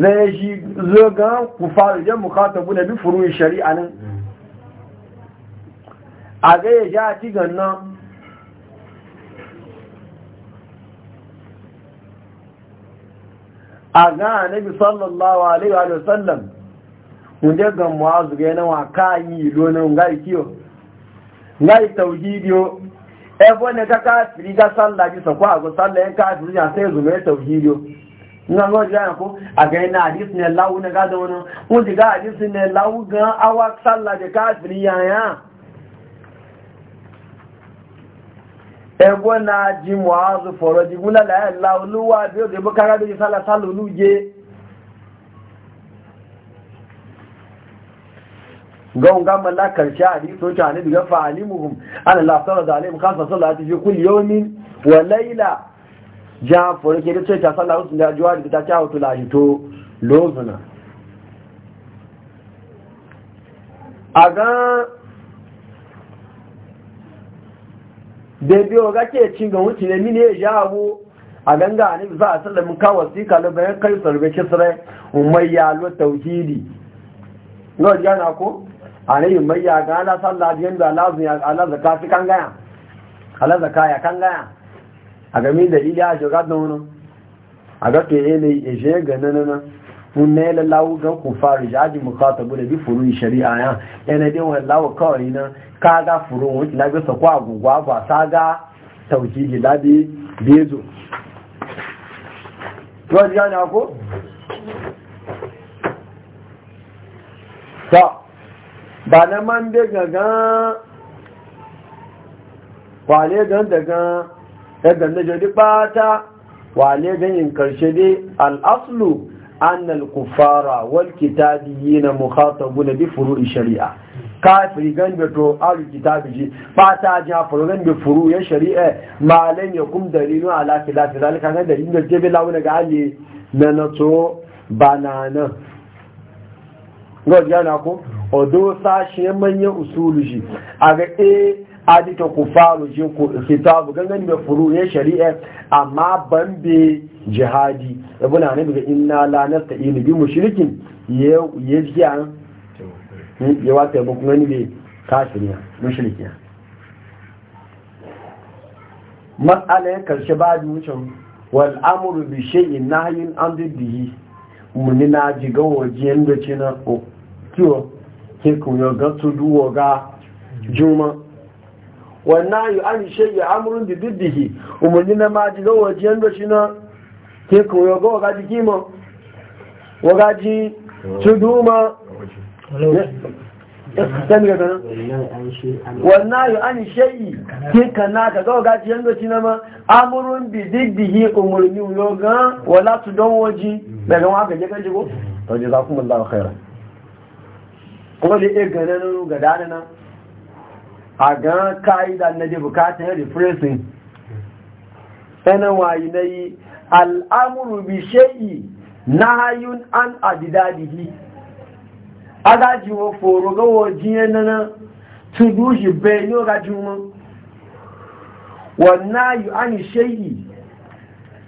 zai shi zogan ku fara jan mukatabu na bi furuyin shari'a nan a gaya ja ci gannan a ga anabi sallallahu alaihi wa sallam wunde ga muazu ga yana waka yi lonin ngai kiyo ngai tauhidiyo ebo ne ka kafiri ga sallah ji sakwa go sallah yan kafiri ya sai zume tauhidiyo nga ngo jaya ko aga ina hadis ne lawu na ga da wani ko diga hadis ne lawu ga awa sallah da kafiri yaya ego na ji muazu foro di gula la lawu luwa ne fa ana já fòrò kí ẹ̀dẹ́ tó ìta sálà ó sì ní àjọ àdìbìta tí àwọn tó láàyè tó lóòzùnà àgán bèbí ọgá kí ẹ̀kí gan wọ́n ti lè nílé èyí àwọ àgángá àníbi fà àṣílẹ̀ mú káwọ̀ sí kàlọ́ bẹ̀rẹ̀ kọ́ ìsọ̀rọ̀ bẹ̀ kí lá umayya lá tàwíjìdì lá jẹ́ àná lá àníbi umayya gan alásàlá jẹ́ ń lọ alázàká ya kan gaya a game da iya a shiga da wani a ga to yana ya je nanana mun ne la lawo ga ku fari jaji mukatabu da bi furu shari'a ya yana e de wani lawo kawai na kaga ga furu wani labi sa kwa gugwa ba sa ga tauhidi labi bezo to ji gane ko ta ba na man daga ga kwale gan daga yadda na jadi bata wale ganyin karshe dai al'aslu annal kufara wal yi na mukhatabu na bi furu in shari'a kafiri gan da to alu kitabi ji bata ja furu gan da furu ya shari'a malan ya kum dalilu ala khilafi zalika kan dalilin da jebe lawo daga ali na na to banana godiya na ko odo sashe manyan usulu a ga eh Aji ta ku faru je ku kitabu gangan da furu ya shari'a amma ban be jihadi ibuna ne daga inna la nasta'inu bi mushrikin ya ya ya wata ba kuma ne kafiriya mushrikiya mas'ala ya karshe ba da wucin wal amru bi shay'in nahyin an diddihi muni na ji ga waje da na ko oh, kiwo ke kun ga su ga juma wannan yi an shi ya amurin da diddihi umarni na ma ji gawa jiyan da shi na ke koyo ga waga wagaji kima wagaji tuduma wannan yi an shi yi ke kana ka ga wagaji yan da shi na ma amurin bi diddihi umarni yau ga wala su don waji daga waka je kan jigo to jazakumullahu khairan kuma da ya gane ga dana nan a ga ka'ida na da bukatun refreshing sanarwa yi na yi al'amuru bi shayi na hayun an adidadihi agaji wo foro gawo jiyan nana tudu shi bai ni oga wa wannan yi an shayi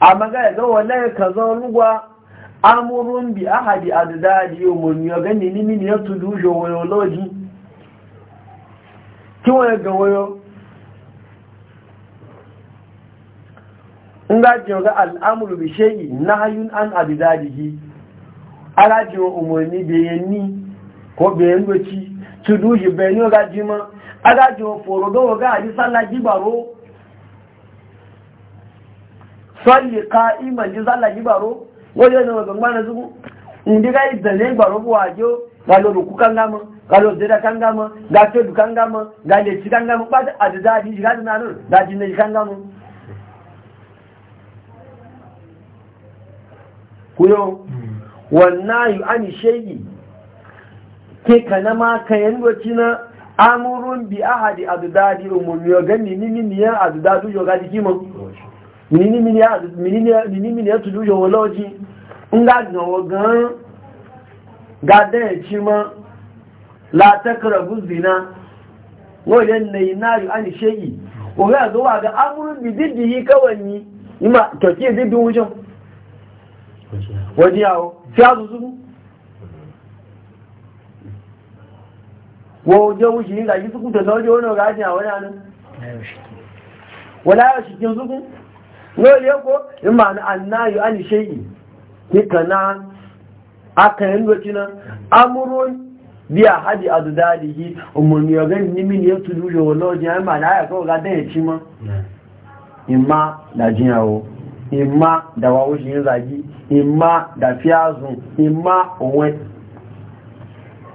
a magana gawo lai ka zan rugwa amuru bi ahadi adidadi yau mun yi gani ni mini ya tudu shi wo yau Ki wọ́n ga wayo ń gaji ga al'amuru bi shayi na hayun an abidadihi alaji wa umarni bayani ko bayan goci su duji bayani wa ji ma alaji wa forodo yi salla sallaji baro salli ka'iman ji sallaji baro wajen da wa gangba na zuku ndi ga izane baro buwa jo ga lo ruku kangama ga lo kangama ga to du kangama ga le ci kangama ba da da ji ga na no da ji ne kangama kuyo wannan yu ani shayi ke kana ma kayan doci na amurun bi ahadi adudadi umurni yo gani ni ni ya adudadu yo ga dikimo ni ni ni ya ni ni ni ya tudu yo woloji nga gnawo gan gada ya ci ma latakar guzina wajen na yi nari an shayi oga a zuwa ga amurin yi kawai ni ma toki zibin wujen wajen yawo fiya su su wajen wujen yin gaji suku da wajen wani wajen a wani anan wala ya shikin suku yau ne ko ma na annayu an shayi ni kana aka yin wakina amurun biya hadi a dudalihi umarni ya gani nimin ya tudu da wani wajen ya ma na ya kawo ga dan ya ci ma imma da jiyawo imma da wawo shi yin zagi imma da fiyazun imma onwe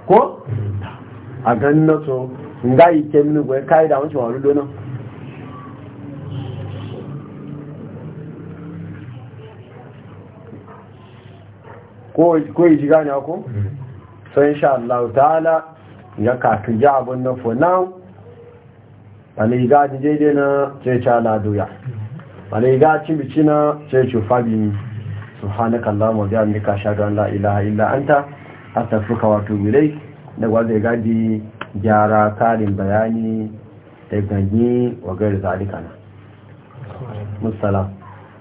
ko a ganin na so nga yi kemini gwai kayi da wancan wani donan ko yi ji gane ku so insha Allah ta'ala ya kafin ji abin na for now wani ga jijede na ce ce aladuya wani ga cibici na ce ce fabi subhanakallah wa bihamdika ashhadu an la ilaha illa anta astaghfiruka wa atubu ilayk da gwazai gadi gyara karin bayani da ganye wa gari zalika na musallam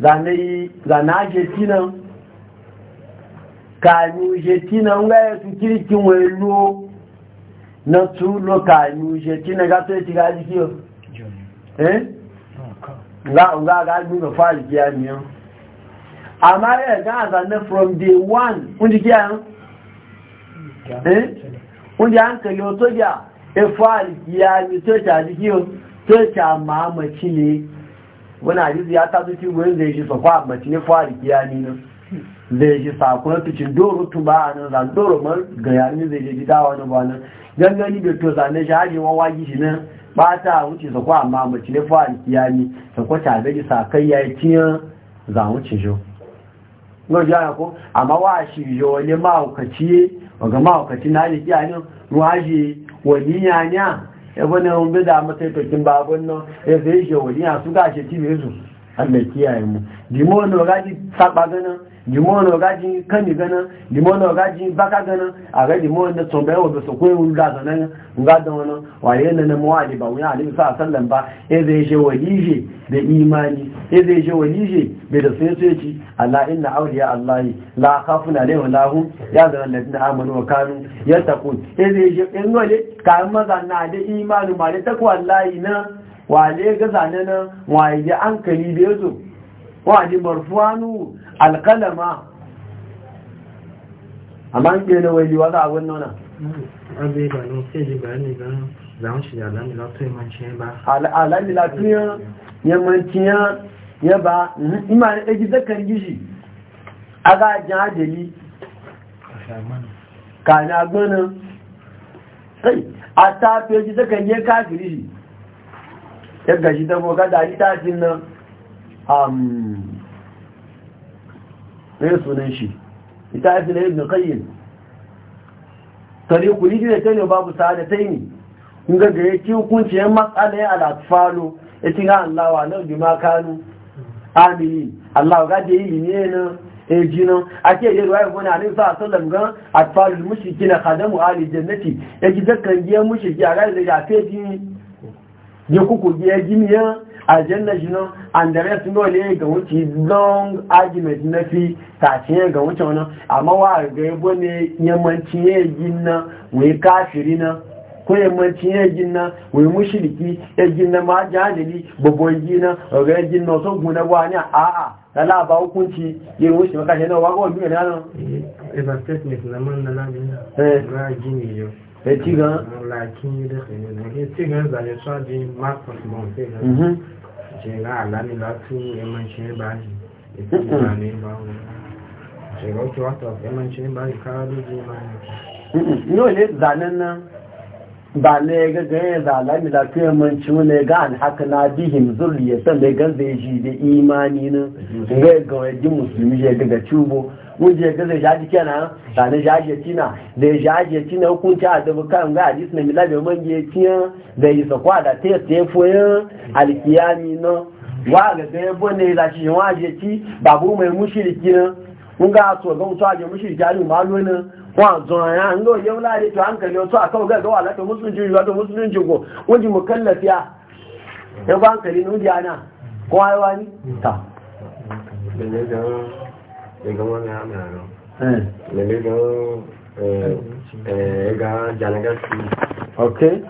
zana argentina kanyu argentina nga ya tu kirkin welo na tulo kanyu argentina ga to ya tiga jikiyo eh nga nga ga ju ga fa jikiya ni yo amma ya ga zana from day one undi kiya eh undi an kalyo e to ya e fa jikiya ni to ta jikiyo to ta mamaci ne wani hadisi ya taso ci wurin zai shi sa a mace ne fari kiyami nan zai shi sakon cikin doro tuba a nan zan doro man ga yami zai shi dawa na ba nan gangani da to zane shi hajji wagi shi nan ba ta wuce sakwa amma mace ne fari kiyami sakwa ta zai sakai ya yi tiyan zan wuce shi yau ya ko amma wa shi yo wani ma'aukaci ga ma'aukaci na hajji kiyanin ruwa shi wani yanya ẹgbọ́n ni ohun bí dáa mọ́tẹ́ pẹ̀kín bá abọ́ náà ẹ̀fẹ́ ìṣẹ̀wò ní àtúgbà àṣẹ tí mẹ́sùn Allah kiyaye mu limono gaji saba gana limono gaji kani gana limono gaji baka gana a ga limono to bai wo su ko yun da zanen ga da wannan waye nan na muwali ba wuya alim sa sallan ba e zai je walije da imani e zai je walije bai da sai sai ci ala inna awliya allahi la khafuna alayhi wa lahum ya zan ladina amanu wa kanu yattaqun e zai je in wale ka maza na da imani ma da takwa allahi na waje ga zane nan waje an kali da yazo waje marfuwanu alkalama amma an ke na waje wa za a wannan nan abe ba ne sai ji bayani ga zaun shi da alamila to yamanci ba alamila to yamanci ya ba mhm. ima ne ɗaji zakar gishi a ga ajiyar ka na gbanin a tafiye ji zakar yi kafiri shi ya shi ta boga da littafin nan am ne sunan shi littafin ibn qayyim tariqu lidina tani babu sa'adataini kun ga gare ki hukunci yan matsala ya al-atfalu yace ha Allah na nan kanu amini Allah ga da yi ne na ejinan ake yi ruwa ibn ali sa sallam ga atfalul na khadamu ali jannati yaji zakkan giya mushriki a ga da ya feji ye kuku ye jimiya aljanna jino and the rest no le ga wuce long argument na fi tace ga wuce wannan amma wa ga yabo e ne yamanci ye jinna we kafiri na ko yamanci e ye jinna we mushriki ye jinna ma jahili babon jinna e ga jinna so guna wani a a lala ba hukunci ye wuce maka ne wa wani ne nan eh ba na man na na eh ga jini yo sai ci gan lakin da sai ci gan zai so di marcus bonfe mhm je ga ala ni la tu e man che ba ni e ti ni ba o je ga to to e man che ba ka du ji ma ni no le nan ba ne ga ganye zalami da fiye manci ne ga an haka na bihim zurriyatan da gan zai ji da imani ne ga ga wajen musulmi ya ga cubo wuje ga zai jaji kenan da ne jaji tina da ya jaji tina hukunci a dabu kan ga hadis na milabe man ya tiya da yi sakwa da ta ta foyin alkiyami no wa ga ga bone da shi wa je ti babu mai mushriki ne mun ga so ga mutaje mushriki alu malo ne wa zoya ngo yau la to hankali wasu a kawo gaggawa la to musulunci yiwa to musulunci ko wajen mukallafiya ya ba hankali nudi ana ko eh. eh, eh, hmm. haiwa e ni ta ok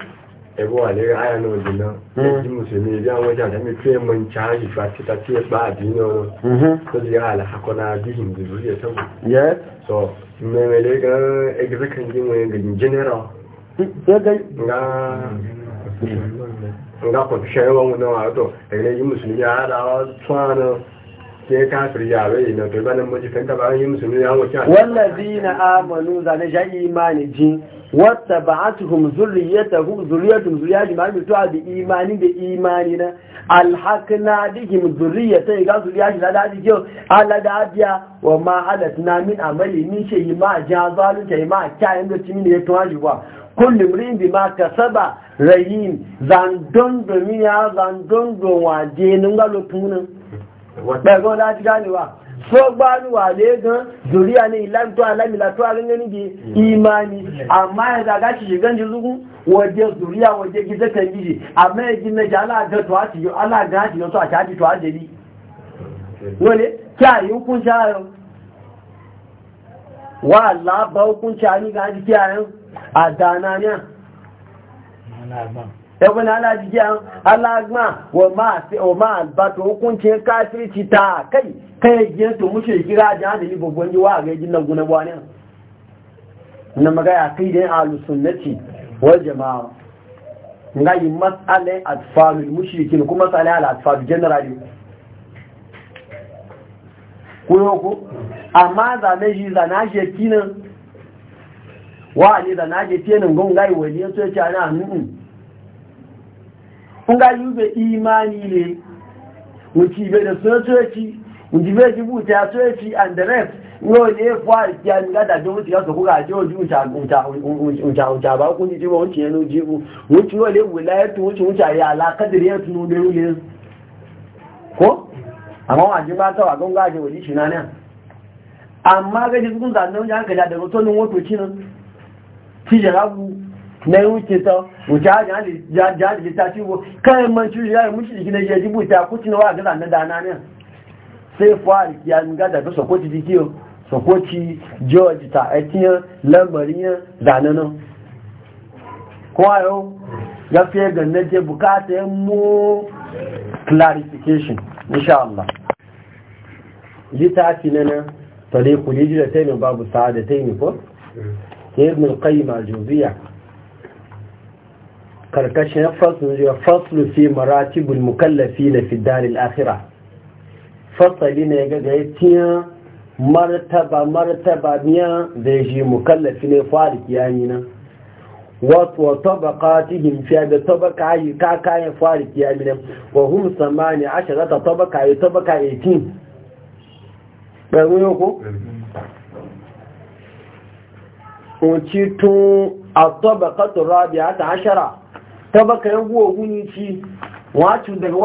ẹgbọ́ wà lérí àyà náà jìnà ẹjí musulmi ilé àwọn ọjà àdámi tí ẹ mọ̀ ta ca ìfà títà tí ẹ bá àdínà ọ̀rọ̀ tó di àlàkọ́nà àdíhìn ìdúrí ẹ̀tọ́gbọ̀ memele ga egzakan yi mai ga general ga ga kwafi shayarwa wani wato daga yi musulmi a haɗawa tsanan sai kafir ya bai na to banan muji kan ta yi musulmi ya wuce wallazina amanu zane ja imani ji wattaba'atuhum zurriyatuhum zurriyatuhum zurriyatuhum ma bi to abi imani da imani na alhaqna bihim zurriyatan ga zurriyatu da dadi je ala da abiya wa ma halatna min amali min yi ma jazalun yi ma kayan da timi ne to haji kwa kullum rindi ma kasaba rayin zandon domin ya zandon don waje nun ga lotunan ɗaga wani ganewa so gbanuwa ne gan zuriya ne ilanto a gangan ne imani amma ya zaga shi shigan jizugu waje zuriya waje gida kan gidi ya gina shi ala ga a a to a jeli yi a dananiya ẹgbẹ́ náà alájíjẹ́ àwọn alágbà wọ máa bá tó hukuncin kafirci ta kai kai jẹ́ tó mú ṣe ìkíra ajá àdìlì gbogbo ní wà rẹ̀ jí náà gúnagwa ní na magaya kai da alusunnati wal jama'a ngayi mas'alai atfalul mushrikin kuma mas'alai al atfal generally amma da ne ji da na je kinan wa ne da na je gon wani nga yube imani ne mukibe da sojoji mukibe jibuta sojoji and the rest ngo ne fa ya nga da do ti ka ko ga jo ju ta unta ba ku ni jibo wuce no jibu unti ngo le wilayatu unti unta ya ala kadri ya tunu de wule ko amma wa jiba ta wa gonga je wali shina ne amma ga jibun ya da to wato cinan ti na yi wuce sau, wuce jihar ta ci bu kayan manci ya yi mushi jiki na ya ji buta kuci na wa gaza na dana ne sai fuhari ya yi gada ta sokoci jikiyo sokoci george ta etiyan lambarin ya zane nan kuma yau ya fiye ganin je bukata ya mu clarification insha Allah littafi na nan tare kuli jira taimi babu sa'a da taimi ko mm. ibn al-qayyim al-jawziyya karkashin fasul ya faslu fi maratibul mukallafi na fi daril akhira fasali ne ga gaitiya martaba martaba miya da ya shi mukallafi ne fari kiyayi nan wato cikin fiye da tabaka yi kakayen kayan fari kiyami nan wa hun samani asharata tabaqa yi tabaqa 18 bai wuyo ko Unci tun a tabaqa a ta ashara baka ya guwa guni ci wacin daga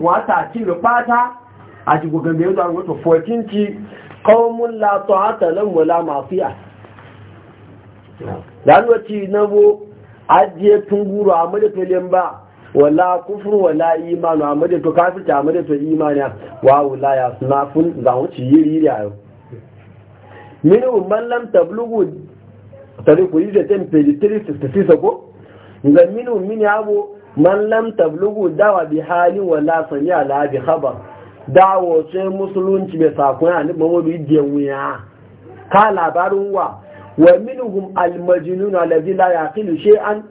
wata ci da fata a gambe yau da ya wata 14 ci kawon la nan wula wala mafiya zanuwa ci na bo ajiye guru a madafilin ba wala kufur wala imanu a madafilin kafirta a madafilin imaniya wa wula ya suna sunafun zaunci yiri a yau minu mallam tablugu tare yi da 366 ko ga minu min yabo man lam tablugu dawa bi hali wala sami ala bi khabar dawo ce musulunci be sakon ya bawo wani idiyan wuya ka labarin wa wa minhum majnun alladhi la yaqilu shay'an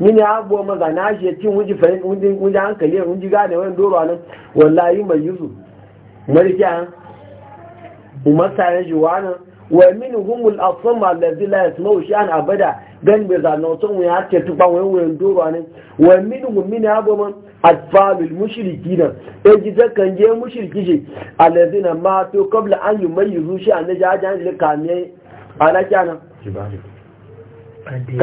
min yabo magana shi tin wuji fa wuji wuji kale wuji gane wani doro nan wallahi mai yuzu markiya umar ta yaji wa wa minhum al-asma alladhi la yasma'u shay'an abada gan be za no tun ya ce tu ba wai wai doro ne wa min hum min abu man atfalul mushrikin e ji da kan je mushriki ji alladhina matu qabla an yumayyizu shi an ja ja le kamiye ala kana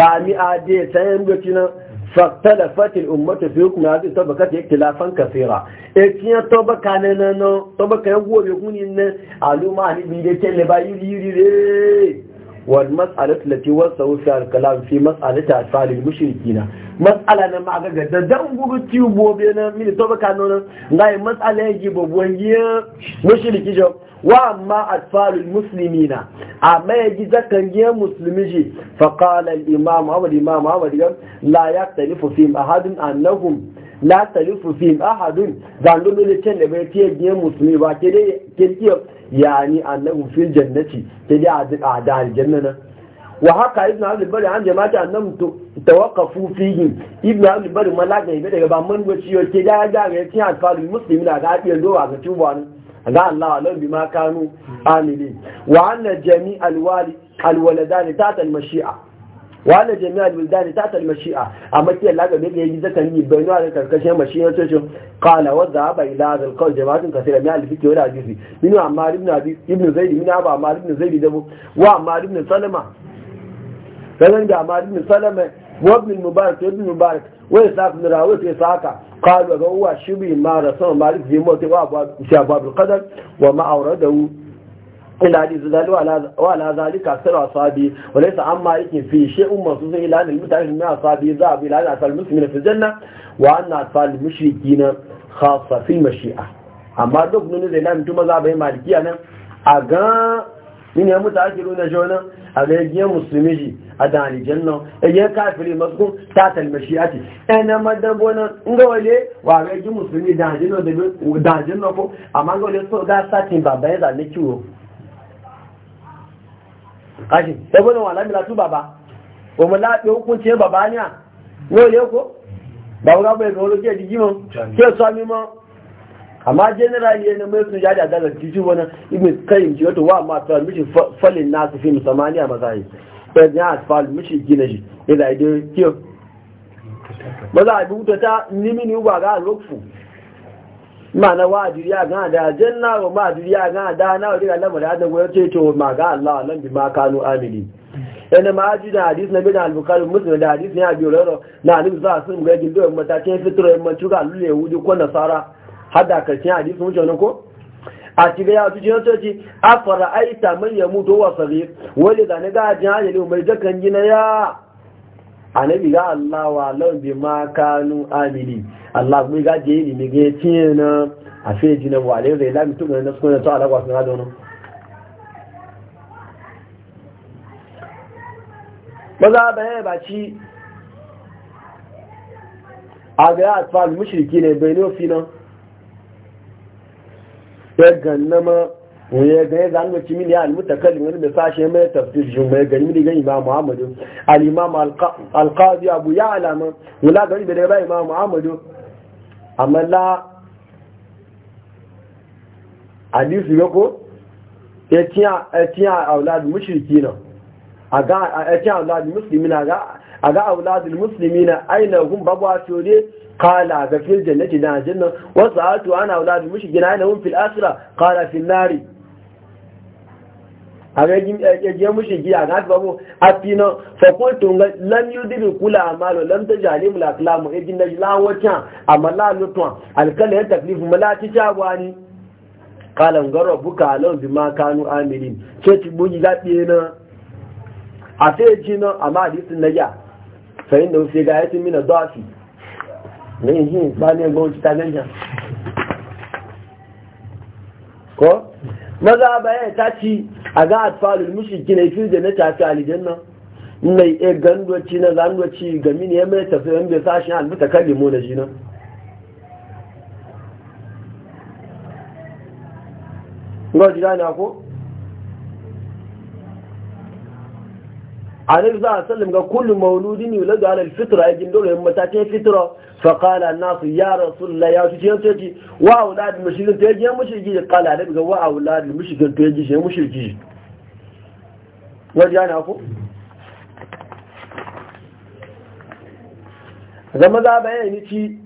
kami ade sayan gocina فاختلفت الأمة في حكم na الطبقة اختلافا كثيرا إتيا طبقة نانا طبقة هو يقول إن علوم عن yiri yiri يريد والمساله التي وصف فيها الكلام في مساله افعال المشركين matsala na ma ga da dan gudu tubo be na mi to ba kano na ngai matsala yake babban yi mushriki jo wa amma atfalul muslimina amma yaji zakan yi muslimi ji fa qala al imam aw al imam aw al imam la yaktalifu fi ahadun annahum la talifu fi ahadun zan dole ne ce ne be tiye ba ke dai ke yani annahu fil jannati tadi a da aljanna wa haka ibn abdul bari an jama'ati annam tawaqqafu fihi ibn abdul bari malaka ibe daga ba mun goci yo ke da ga ga tin alfalu muslimin da ga biyan dowa ga tuba ne ga Allah alam bima kanu amili wa anna jami' alwali alwaladan ta al mashi'a wala jami'a al-wildan ta tal mashi'a amma kiyar laga da yayi zakan yi bayanu a karkashin mashi'a ta ce qala wa dhaba ila hadha al-qawl jama'atun kathira min al-fiqh wa al-hadith min ammar ibn abi ibn zaid min abu ammar ibn zaid dabu wa ammar ibn salama kalan da ammar ibn salama wa ibn al-mubarak ibn mubarak wa isaq ibn rawat isaqa قالوا هو شبه ما رسول مالك في موت أبو أبو القدر وما أورده إلى حديث ذلك وعلى ذلك أكثر أصحابي وليس عما يكن في شيء مخصوص إلى أن المتعشر من أصحابي ذهب إلى أن أطفال المسلمين في الجنة وأن أطفال المشركين خاصة في المشيئة أما دوك نوني زي لم تما ذهب مالكي أنا أغان من المتعشرون جونا أغان يا مسلمي جي أدان الجنة يجي كافر مسكون تحت المشيئة أنا ما مدبونا نقولي وأغان يا مسلمي دان جنة دان جنة أما نقولي سوغا ساتين بابا إذا نكيوه kashi sai gudun wala mila tu baba o mu laɓe hukunci baba ni a no ko ba wuga bai ga ologi edigi mo ke so mi mo amma general yana mai sun yaji a dalar titi wani ibn kayyim ji wato wa ma ta mishi falin na su fi musamman a mazayi ɗan ya asfal mishi gina shi ila idan kiyo ba za a bi wuta ta nimini ba ga lokfu mana wa duniya ga da janna wa ma duniya ga da na wa daga lamar da goyo ce to ma ga Allah lan bi ma kanu amini. yana ma ji da hadis na bin al-bukhari muslim da hadis ne abi roro na annabi za su ga gindo mu ta ce fitro in mun tuga lule wudu ko nasara hada karshen hadis mun jona ko a cikin ya tuje to ci afara aita man yamutu wa sabir wani da ne ga jahili mai jakan gina ya annabi ga Allah wa law bi ma kanu amili Allah gbe ga je ni ge tin na afi ji na wa le re na so na to ala na do maza ba ba ci aga atfal mushriki ne bai no fina ya ya ga ya zanga ci mini al-mutakallim wani mai sashe mai tafsir jin mai gani mini gan imam Muhammadu. Al'imam al Abu ya man wula gani da ga imam Muhammad amma la hadisi ga ko ya tiya ya tiya aulad mushrikina aga ya tiya aulad muslimina aga aga aulad muslimina aina hum babu asore قال في الجنة ناجنا وسألت عن أولاد المشركين أين هم في الآخرة قال في النار ya eh, eh, mushi giya ga babu afina fa kuntu lam yudibi kula amalo lam tajali mul aklamu ejin da lawata amala lutwa alkala ya taklifu malati jawani kalan garo buka law bima kanu amirin ce ti buji zabe na a sai jina amma hadisin naja fa inda sai ga yatin mina dafi ne hin ba ne gauci ta ganja ko maza bayan ta ci a ga gina mushriki da na tafi alijan nan mai e eh, gandoci na zandoci ga mini ya mai tafi wanda ya sashen albuta kallimo na jina ga na ko annabi za a ga kullum mauludin yula ga alal fitra ya gindo da matakin fitra fa qala nasu ya rasulullah ya tuce yace ci wa aulad mushrikin to yaji mushriki da qala da ga wa aulad mushrikin to yaji shi mushriki wajen ana ku zama za bayani ci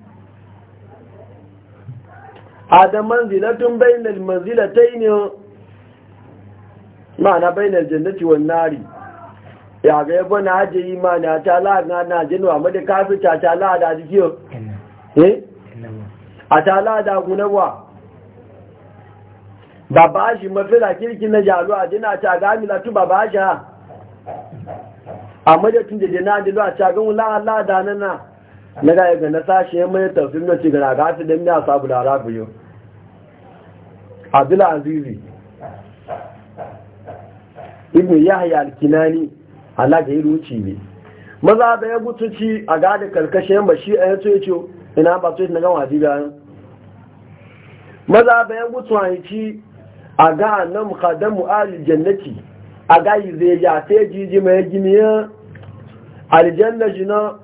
adam manzilatun bainal manzilatayn ma'ana bainal jannati wan nari ya ga yabo na haje imani a tala na na jinu a mada kafin ta tala da jikiyo eh a tala da gunawa baba shi mafila kirki na jaru a jina ta gami latu baba shi ha a mada tun da jina da a ta gan wula Allah da nana na ga yaga na sashi ya mai tafsir na ci gara ga da miya sabu da rabu yau abdul azizi ibn yahya al-kinani Allah ta yi ruci ne maza da ya gutuci a gada karkashin bashi a yato ya ce ina ba su na gama ji bayan maza da ya gutu a a ga nan kadan alil jannati a ga yi zai ya sai jiji mai giniya aljanna jina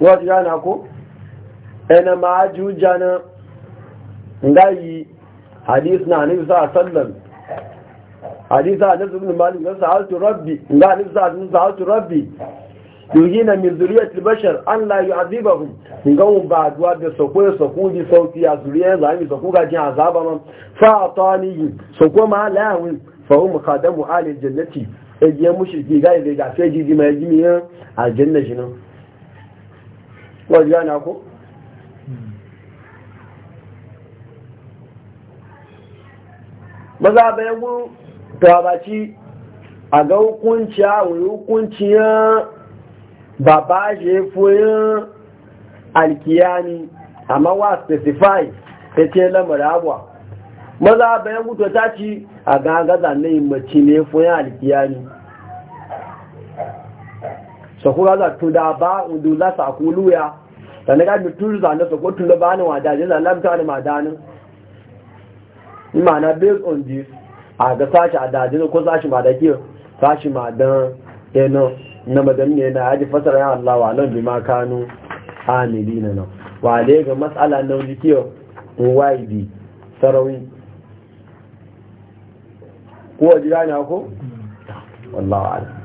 wata yana ko ina ma aji hujja na ngayi hadis na annabi sallallahu alaihi ga sa'altu rabbi rabbi min zuriyatil bashar an la yu'adhibahum ngan ba duwa da sako ya sako bi sauki a zuriya za mi sako ga jin azaba man fa atani sako ma la yawin fa hum khadamu ali jannati e je mushriki ga ga sai jiji mai jimiya aljanna shi nan wajana ko maza bayan gun tawabaci a ga hukunci a wani hukunci ya ba shi foyin alkiyani amma wa specify ta ce lamar abuwa maza bayan hutu ta ci a gagaza na mace ne foyin alkiyani sakura za tu da ba udu za sa kuluya da na gabi turu na sakotun da ba ni wadajen da lamta wani madanin maana based on this a ga sashi a dajin ko sashi ma da ke sashi ma don eno na madami ne na yaji fasara ya Allah wa nan ma kanu amiri na nan wa da ga matsala na wani kiyo waidi sarawi ko jira ne ko hmm. wallahi